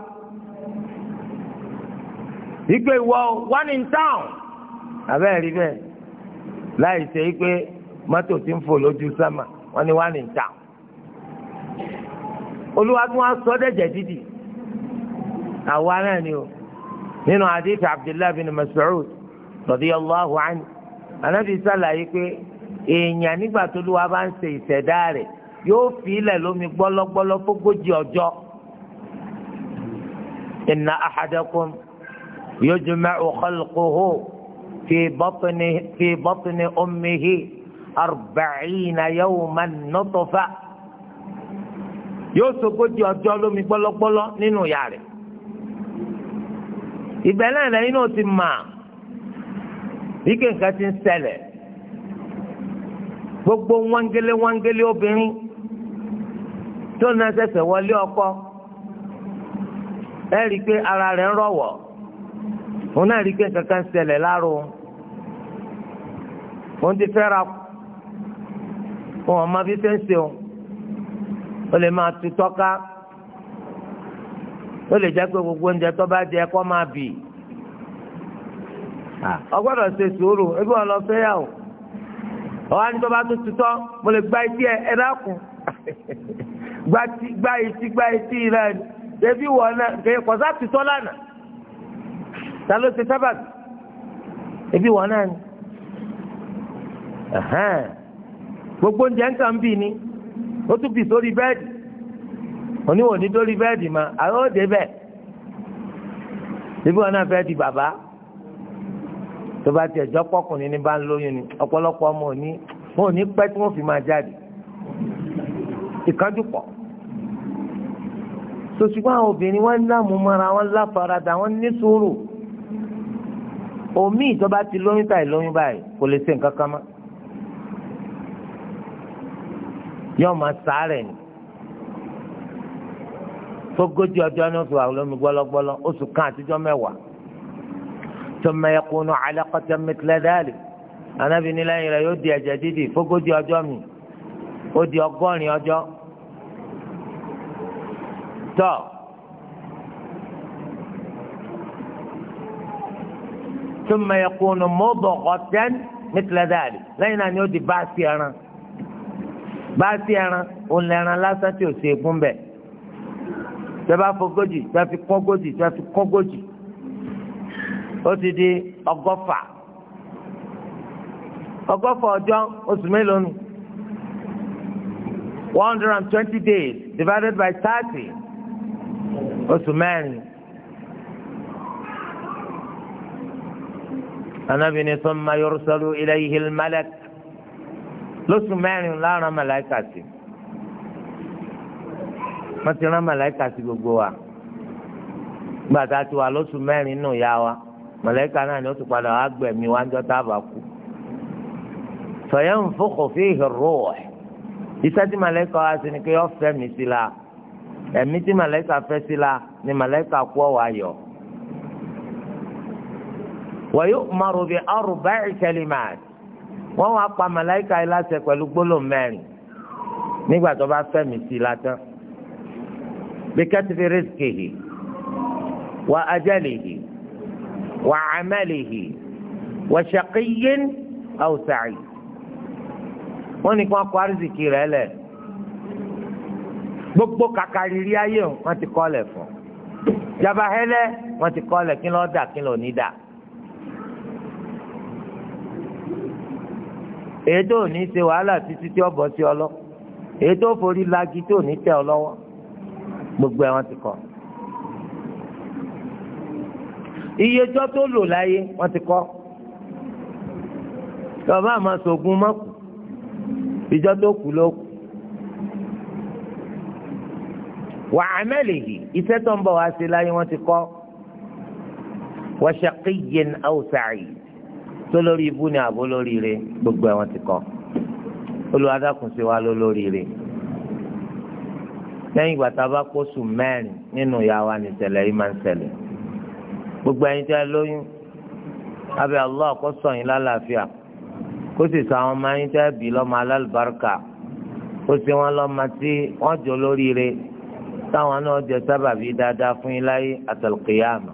ìgbé ìwọ one in town abẹ́ẹ̀ rí bẹ́ẹ̀ láì ṣe pé mọ́tò ti ń fò lójú sámà wọ́n ní one in town olúwa sọ dẹ̀jẹ̀ dídì àwa náà ni o nínú hadith abdullahi bin mas'ud radiyallahu anabi pé èèyàn nígbà tó bá ń ṣe ìṣẹ̀dá rẹ̀. yóò fi ilẹ̀ lómi gbọ́lọ́gbọ́lọ́ fógójì ọjọ́ inna ahadakum yujma'u khalquhu fi batni fi batni ummihi arba'ina yawman nutfa yóò sogójì ọjọ́ lómi gbọ́lọ́gbọ́lọ́ nínú ìyá rẹ̀ ìbẹ̀lẹ̀ rẹ̀ inú ti mà bí kéka ti ń ṣẹlẹ̀ gbogbo wángélé wángélé obìnrin. tó ń náà wọlé ọkọ ẹ rí i pé ara rẹ ń rọ̀wọ̀ òun náà rí i pé kankan ṣẹlẹ̀ láàrú òun ti fẹ́ ra òun ọmọ bí ṣe ṣe òun ó lè máa tu tọ́ka ó lè jẹ́ pé gbogbo oúnjẹ tó bá jẹ máa bì ọgbọ́dọ̀ ṣe sùúrù ebi wọn lọ fẹ́ yà o ọ̀hán ni tó bá tó tutọ́ mo lè gba ibi gba etí gba etí rẹ ẹbí wọn náà kọsá ti tọ́ lánàá ta ló ti sábàbí ẹbí wọn náà ni gbogbo oúnjẹ ń kàn bí ni ó tún bì sórí bẹ́ẹ̀dì oníwò ní dórí bẹ́ẹ̀dì mà àwọn òde bẹ́ẹ̀ ẹbí wọn náà fẹ́ di bàbá tó bá tiẹ̀ jọ́pọ̀ ọkùnrin ní bá ń lóyún ni ọ̀pọ̀lọpọ̀ ọmọ òní mo ò ní pẹ́ tí wọ́n fi máa jáde ìkájú pọ̀ sòṣùgbọ́n àwọn obìnrin wọ́n láàmú mọ́ra wọ́n láfaradà wọ́n ní sùúrù omi ìjọba ti lóyún tàì lóyún báyìí kò lè ṣe nǹkan kan mọ́ yóò máa sàárẹ̀ ni fógójì ọjọ́ ní oṣù àwọn olómi gbọ́lọ́gbọ́lọ́ oṣù kan àtijọ́ mẹ́wàá thumma yakunu alaqatan mithla dhalik anábìnrin lẹ́yìn rẹ̀ yóò di ẹ̀jẹ̀ dídì fógójì ọjọ́ mi. ó di ọgọ́rin ọjọ́ tọ́ thumma yakunu mudghatan mithla dhalik lẹ́yìn náà ni ó di báàsì ẹran báàsì ẹran òun lásán tí ò sí egun bẹ̀ tẹ́bá fọgójì tẹ́fi ó ti di ọgọ́fà ọgọ́fà ọjọ́ oṣù mélòó nù. one hundred and twenty days divided by thirty oṣù mẹ́rin. anabi ni sọ́mà yorùsọ́lù ilayhi al-malak lóṣù mẹ́rin láàrin màláìkà sí wọ́n ti rán màláìkà sí gbogbo wa gbàtà tí wà lóṣù mẹ́rin nù yá wa màláìkà náà ni ó ti padà wá gbẹ̀mí wá ń jọ tá a bá kú. fa yanfukhu fihi ar-ruh iṣẹ́ tí màlẹ́kà wá sí ni pé ó fẹ́ mi sí la ẹ̀mí tí màlẹ́kà fẹ́ sí la ni màlẹ́kà kú ọ̀wá yọ. wa yu'maru bi arba'i kalimat wọ́n wá pa màlẹ́kà yìí láṣẹ pẹ̀lú gbólóhùn nígbà tó bá fẹ́ mi la tán. bi katbi rizqihi wa ajalihi wa amalihi wa shaqiyyin aw sa'id. wọ́n ni kí wọ́n kọ gbogbo ayé wọn ti kọ́ fún jaba hẹlẹ wọ́n ti kọ́ lẹ̀ kí ló dà kí ní dà. ní ṣe wàhálà títí tí ọbọ sí ọ lọ lagi ní tẹ gbogbo ẹ̀ ti kọ iye tó lò láyé ìjọ tó kù ló kù. wà á mẹ́lẹ̀ yìí iṣẹ́ tó ń bọ̀ wá sí láyé wọ́n ti kọ́ wa shaqiyyin aw sa'id tó lórí ibú ni àbó lórí rẹ̀ gbogbo ẹ̀ wọ́n ti kọ́ olùwádàkùn sí wa ló lórí rẹ̀ lẹ́yìn ìgbà tá a bá kóṣù mẹ́rin nínú ìyá wa ní ìṣẹ̀lẹ̀ yìí máa ń ṣẹlẹ̀ gbogbo ẹ̀yin tẹ́ lóyún abẹ́ Allah kó ṣọ́ yín lálàáfíà kó sì sọ àwọn ọmọ yín tẹ́ bí lọ́mọ alálùbáríkà kó sì wọ́n lọ́mọ tí wọ́n jọ lóríire táwọn náà jẹ sábàbí dáadáa fún yín láyé àtàlùkìyàmà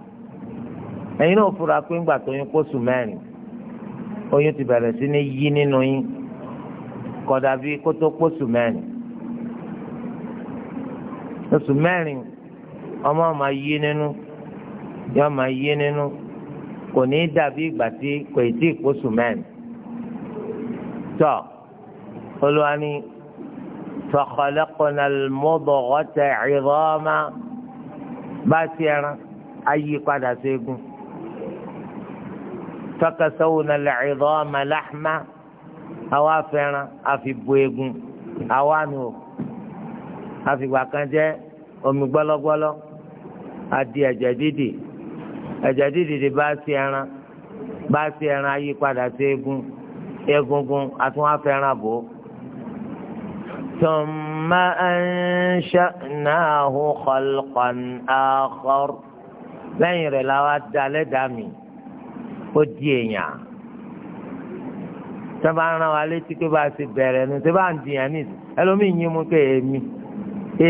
ẹ̀yin náà fura pé ńgbà tó yín kóṣù mẹ́rin oyún ti bẹ̀rẹ̀ sí ní yí nínú yín kódà bí kó tó kóṣù mẹ́rin oṣù mẹ́rin ọmọ máa yí nínú yọ máa yí nínú kò ní dàbí ìgbà tí kò tí ì kóṣù mẹ́rin tọ́ olúwa ni fọkànlẹ́kọ̀nà mọ́bọ̀ọ́tẹ̀ ìrọ́ọ́mà bá ti ẹran ayípadà ségun fakasawuna lẹ́ẹ̀dọ́ọ̀mà láhmà àwa fẹ́ràn àfibò egun àwa nù àfìgbà kan jẹ́ omi gbọ́lọ́gbọ́lọ́ àdì ẹ̀jẹ̀ dídì ẹ̀jẹ̀ dídì bá ti ẹran bá ti ẹran ayípadà ségun egungun àti wọn afẹ́ràn bò ó. ثم أنشأناه خلقا آخر lẹ́yìn rẹ̀ la wá da lẹ́dàá mi ó di èèyàn sábà ń ran wa létí pé bá a ti bẹ̀rẹ̀ nu tí bá ń di èèyàn ní ẹlòmíì yín mú pé èmi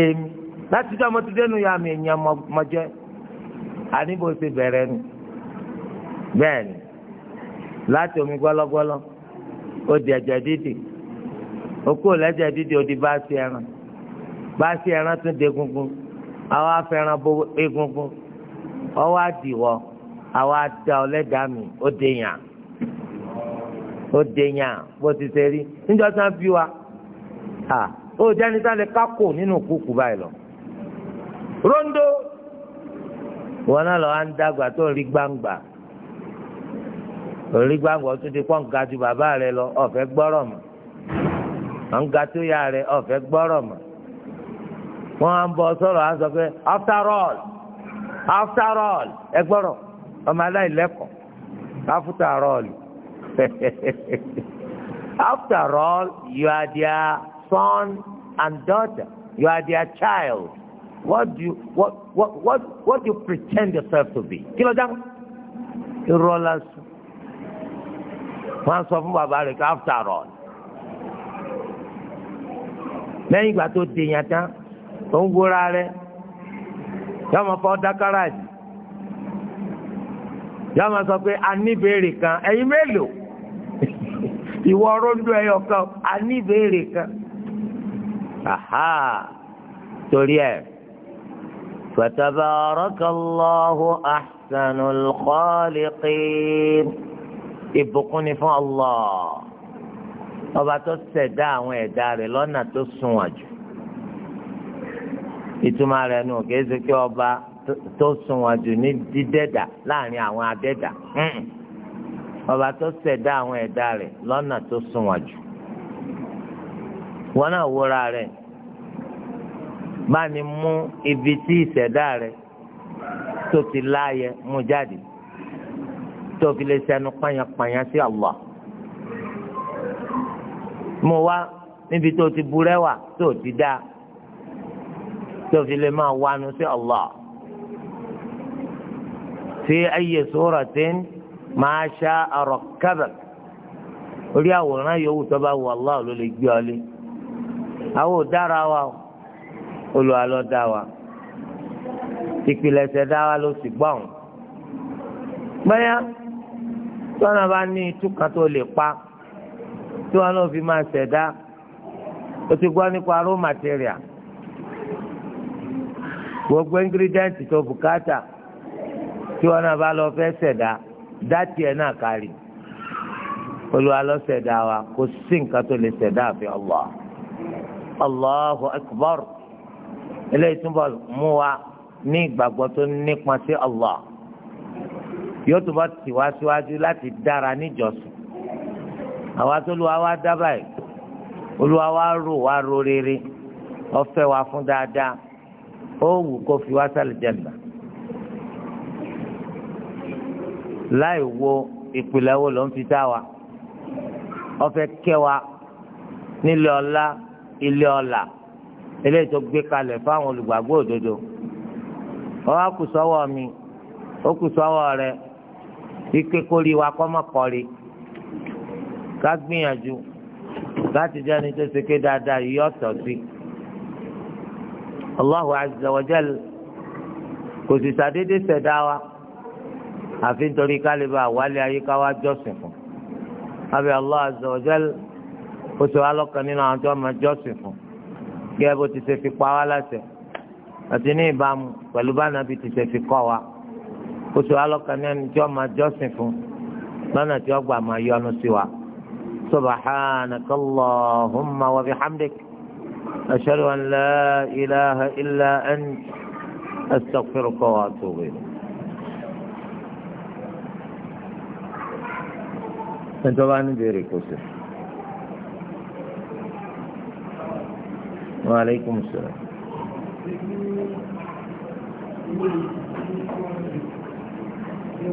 èmi láti jọ́ mo ti dénú ya mi èèyàn mọ jẹ́ àní ti bẹ̀rẹ̀ nu bẹ́ẹ̀ ni láti omi gbọ́lọ́gbọ́lọ́ o di ẹ̀jẹ̀ oku òkú lẹ́jẹ̀ dídì di ẹran báàsì ẹran tún di egungun àwọn afẹ́ràn bo egungun ọwọ́ àdìwọ́ àwọn àdá ọlẹ́dàá mi ó bó ti ṣe rí níjọ́ tán bí wa ó jẹ́ níta kákò nínú kúkú báyìí lọ. rondo wọn náà lọ wá ń dàgbà tó ń rí gbangba orí gbàgbọ́ tún ti pọ́n ga ju bàbá rẹ lọ ọ̀fẹ́ gbọ́rọ̀ mọ́ àwọn ga tó yá rẹ ọ̀fẹ́ gbọ́rọ̀ mọ́ wọ́n á ń bọ sọ̀rọ̀ á sọ pé after all after all ẹ gbọ́rọ̀ ọmọ aláìlẹ́kọ̀ọ́ after all after all you are their son and daughter you are their child what do you what what what what do you pretend yourself to be kí ló dáhùn irọ́ lásán wọ́n á sọ fún bàbá rẹ̀ kí after all lẹ́yìn ìgbà tó de yàn tán tó ń wúra rẹ̀ yóò máa fọ́ dákàrà jù yóò máa sọ pé a ní ìbéèrè kan ẹ̀yin mélòó ìwọ rondo ẹyọ kan a ní ìbéèrè kan aha torí ẹ fatabaraka Allahu ahsanul ìbùkún ni fún Allah ọba tó ṣẹ̀dá àwọn ẹ̀dá rẹ lọnà tó sunwọ̀n jù ìtumọ̀ rẹ̀ nù kìí ṣe kí ọba tó sunwọ̀n jù ní dídẹ́dà láàrin àwọn adẹ́dà ọba tó ṣẹ̀dá àwọn ẹ̀dá rẹ lọnà tó sunwọ̀n jù wọn náà wúra rẹ̀ bá ní mú ibi tí ìṣẹ̀dá rẹ̀ tó ti láàyè mú jáde. tó fi lè sẹnu pàyànpàyàn sí Allah mo wá níbi tó ti burẹ́wà tó ti dá tó fi lè máa wánu sí Allah fi ayé suratin ma sha'a rakkabak orí àwòrán yòówù tó bá wù Allah ló lè gbé ọ lé àwọn ò wa Olúwa ló dá wa ìpìlẹ̀ṣẹ̀ dá wa ló sì gbọ́n bẹ́ẹ̀. tí bá ní ìtúkà tó lè pa tí wọn náà fi máa ṣẹ̀dá o ti gbọ́ nípa raw material gbogbo ingredient tó bùkátà tí wọn náà bá lọ fẹ́ ṣẹ̀dá dátì ẹ̀ náà kárí olúwa lọ ṣẹ̀dá wa kò sí nǹkan tó lè ṣẹ̀dá àfi Allahu akbar eléyìí túbọ̀ wa ní ìgbàgbọ́ tó nípa Allah. yóò tún bá tì wá síwájú láti dára níjọsìn àwa tó lu àwa dábàá yìí olúwa wa rò wá ro rere ọfẹ wa fún dáadáa ó wù kó fi wá sálì jẹnà láì wo ìpìlẹ̀ wo ló ń fi dá wa ọfẹ kẹ́ wa nílé ọlá ilé ọlà eléyìí tó gbé kalẹ̀ fáwọn olùgbàgbọ́ òdodo ó wá kù sọ́wọ́ mi ó kù sọ́wọ́ rẹ ike kórìí wa kọ́ mọ́ kọ́ri ká gbìyànjú láti jẹ́ ẹni tó ṣe ké dáadáa yìí ọ̀tọ̀ sí. Allahu azza wa jal kò sì ṣàdédé ṣẹ̀dá wa àfi nítorí kálíbà wálé ayé ká jọ́sìn fún. Abẹ́ Allah azza wa jal ó ṣe wá lọ́kàn nínú àwọn tó máa jọ́sìn fún. Gẹ́gẹ́ bó ti ṣe fi pa wá láṣẹ àti ní ìbámu pẹ̀lú bá nàbí ti ṣe fi kọ́ wa. oṣù alọ́kàn ní ẹni tí wọ́n máa jọ́sìn fún lọ́nà tí wọ́n gbà máa yọ́nú sí wa. سبحانك اللهم وبحمدك أشهد أن لا إله إلا أنت أستغفرك وأتوب إليك ẹjọ́ bá ní béèrè kò sí. wa aleykum salaam. Náà. wọ́n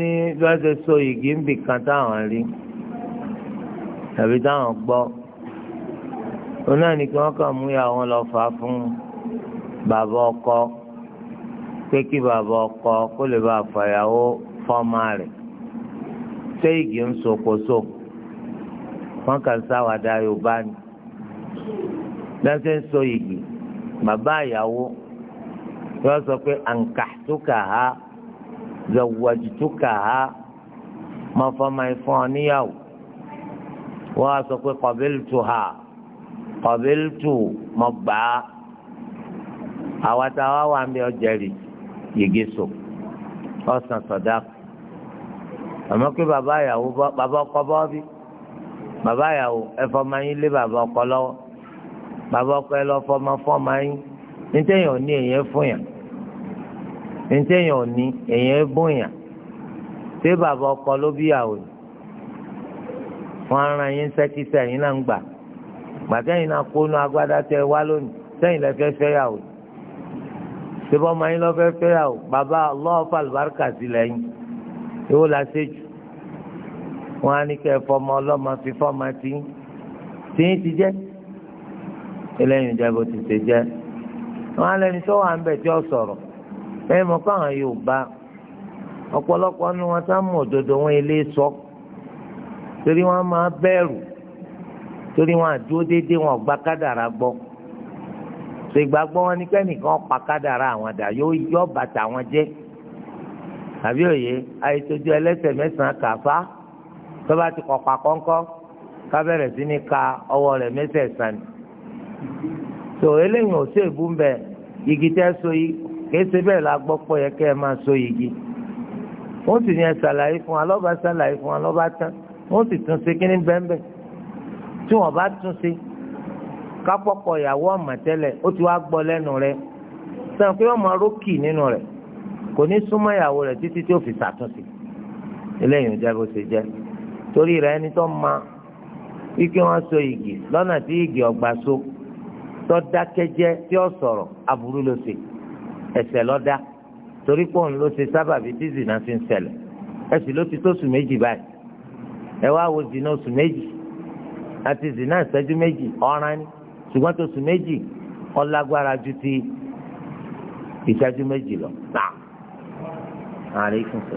ní bí wọ́n ṣe so igi ń kan táwọn rí tàbí táwọn gbọ́ òun náà ní kí wọ́n kàn mú ìyàwó lọ fà á fún bàbá ọkọ pé kí bàbá ọkọ kó lè bá fàyàwó fọ́ọ̀mà rẹ̀ ṣé igi ń sokoso wọ́n kàn sáwàdà yorùbá ni lẹ́sẹ̀ ń so igi bàbá ìyàwó yóò sọ pé ànkàtúkà ha zọwọ́jútúkà ha mọ́fọ́mọ́ ìfọ́n níyàwó wọ́n sọ pé kọ̀bílù tó ha kọ̀bíltù mọ̀ gbà á àwa tá a wá wà ń bẹ ọjà rì yege so ọ̀sán sọ̀dá àmọ́ pé bàbá ìyàwó bàbá ọkọ bọ́ bí bàbá ìyàwó ẹ̀fọ́ máa yín lé bàbá ọkọ lọ́wọ́ bàbá ọkọ ẹ lọ́ọ́ fọmọ fọ́ọ̀mà yín nítẹ̀yìn òní èyàn fún yàn nítẹ̀yìn òní èyàn bún yàn ṣé bàbá ọkọ ló bí ìyàwó yìí wọ́n yín sẹ́kísẹ́ yín náà ń gbà gbàtẹ́yìn náà kó nu agbádá tẹ wá lónìí sẹ́yìn lẹ́fẹ́ fẹ́yàwó síbọ̀ máa ń lọ́fẹ́ fẹ́yàwó bàbá ọlọ́ọ̀fà àlùbáríkà sí lẹ́yìn ìwọ la ṣe jù wọn á ní kẹ́ ẹ fọmọ ọlọ́mọ fi fọmọ tí tí ń ti jẹ́ eléyìí jẹ́ bó ti ṣe jẹ́ wọn á lẹ́ni tó wà ń bẹ̀ tí ó sọ̀rọ̀ bẹ́ẹ̀ mọ̀ pé àwọn Yorùbá ọ̀pọ̀lọpọ̀ nu wọn tá mọ̀ òdodo wọn ilé sọ torí wọn máa bẹ̀rù torí wọn àdúró déédéé wọn gba kádàrá gbọ́ ṣe ìgbàgbọ́ wọn ni kẹ́nìkan pa kádàrá àwọn dà yóò yọ bàtà wọn jẹ́ àbí òye àìtójú ẹlẹ́sẹ̀ mẹ́sàn-án kàfá tó ti kọ̀pà kọ́ńkọ́ kábẹ̀rẹ̀ sí ní ka ọwọ́ rẹ̀ mẹ́sẹ̀ẹ̀sán ni. tó eléyìí ò sí èbú mbẹ igi tẹ́ so yìí kìí ṣe bẹ́ẹ̀ la gbọ́ pọ̀ yẹ kẹ́ ẹ máa so igi. wọ́n sì ní ẹ ṣàlàyé fún wa lọ́ba ṣàlàyé fún wa lọ́ba tán wọ́n sì tún ṣe kínní bẹ́ẹ̀ tí wọ́n bá tún sí kápọ̀pọ̀ ìyàwó àmọ̀tẹ́lẹ̀ ó ti wá gbọ́ lẹ́nu rẹ̀ sàn pé ọmọ rókì nínú rẹ̀ kò ní súnmọ́ ìyàwó rẹ̀ títí tí ó fi ṣàtúnṣe eléyìí ò jẹ́ bó ṣe jẹ́ torí rẹ̀ ẹni tó ma wípé wọ́n so igi lọ́nà tí igi ọ̀gbà so tó dákẹ́jẹ́ tí ó sọ̀rọ̀ aburú ló ṣe ẹ̀ṣẹ̀ lọ́dá torí pé òun ló ṣe sábàbí tí zina fi ń ṣẹlẹ̀ ẹ̀sìn ló ti tó oṣù méjì báyìí ẹ wá wo zina oṣù méjì àti zina ìṣẹ́jú méjì ọ̀ràn ni ṣùgbọ́n tó sùn méjì ọlágbára ju ti ìṣẹ́jú méjì lọ. Àríkùn sọ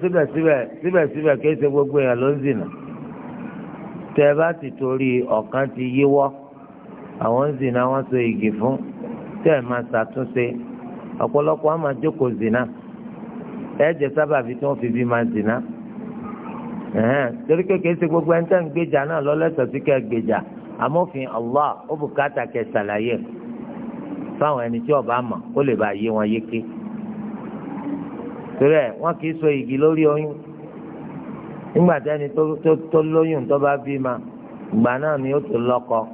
síbẹ̀síbẹ̀ síbẹ̀síbẹ̀ kìí ṣe gbogbo èèyàn ló ń zìnà tẹ bá ti torí ọ̀kan ti yíwọ́ àwọn ń zìnà wọ́n so igi fún tẹ́ ẹ̀ máa ṣàtúnṣe ọ̀pọ̀lọpọ̀ á máa jókòó zìnà ẹ jẹ́ sábàbí tí wọ́n fi bí máa zìnà torí kékeré ṣe gbogbo ẹni tẹ́ ń gbèjà náà lọ́lẹ́sọ̀ọ́sí kẹ́ gbèjà àmófin Allah ó bùkátà kẹ́ ṣàlàyé fáwọn ẹni tí ọba mọ̀ kó lè bá yé wọn yéké torí ẹ wọn kì í so igi lórí oyún nígbà tí ẹni tó lóyún tó bá bí ma ìgbà náà ni ó tó lọ́kọ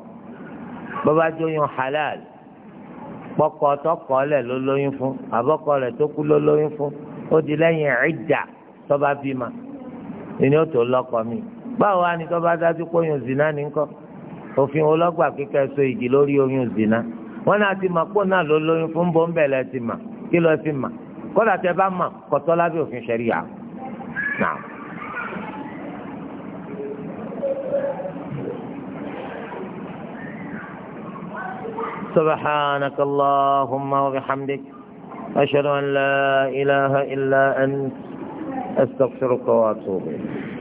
bó bá jóyún halal pọkọ tọkọ lẹ ló lóyún fún àbọkọ rẹ̀ tó kú ló lóyún fún ó di lẹ́yìn ìdà tó bá bí ma ni ó tó lọ́kọ mi báwo wá ni tó bá dájú pé oyún zina ni ńkọ́ òfin olọgbà kíkẹ so igi lórí oyún zina. wọn náà ti mọ̀ kó náà ló lóyún fún bọ́ńbẹ́ lẹ ti mọ̀ kí lọ ti mọ̀ kódà tẹ bá mọ̀ kọtọ́ lábẹ́ òfin ṣẹ̀ríà náà. سبحانك اللهم وبحمدك أشهد أن لا إله إلا أنت أستغفرك وأتوب إليك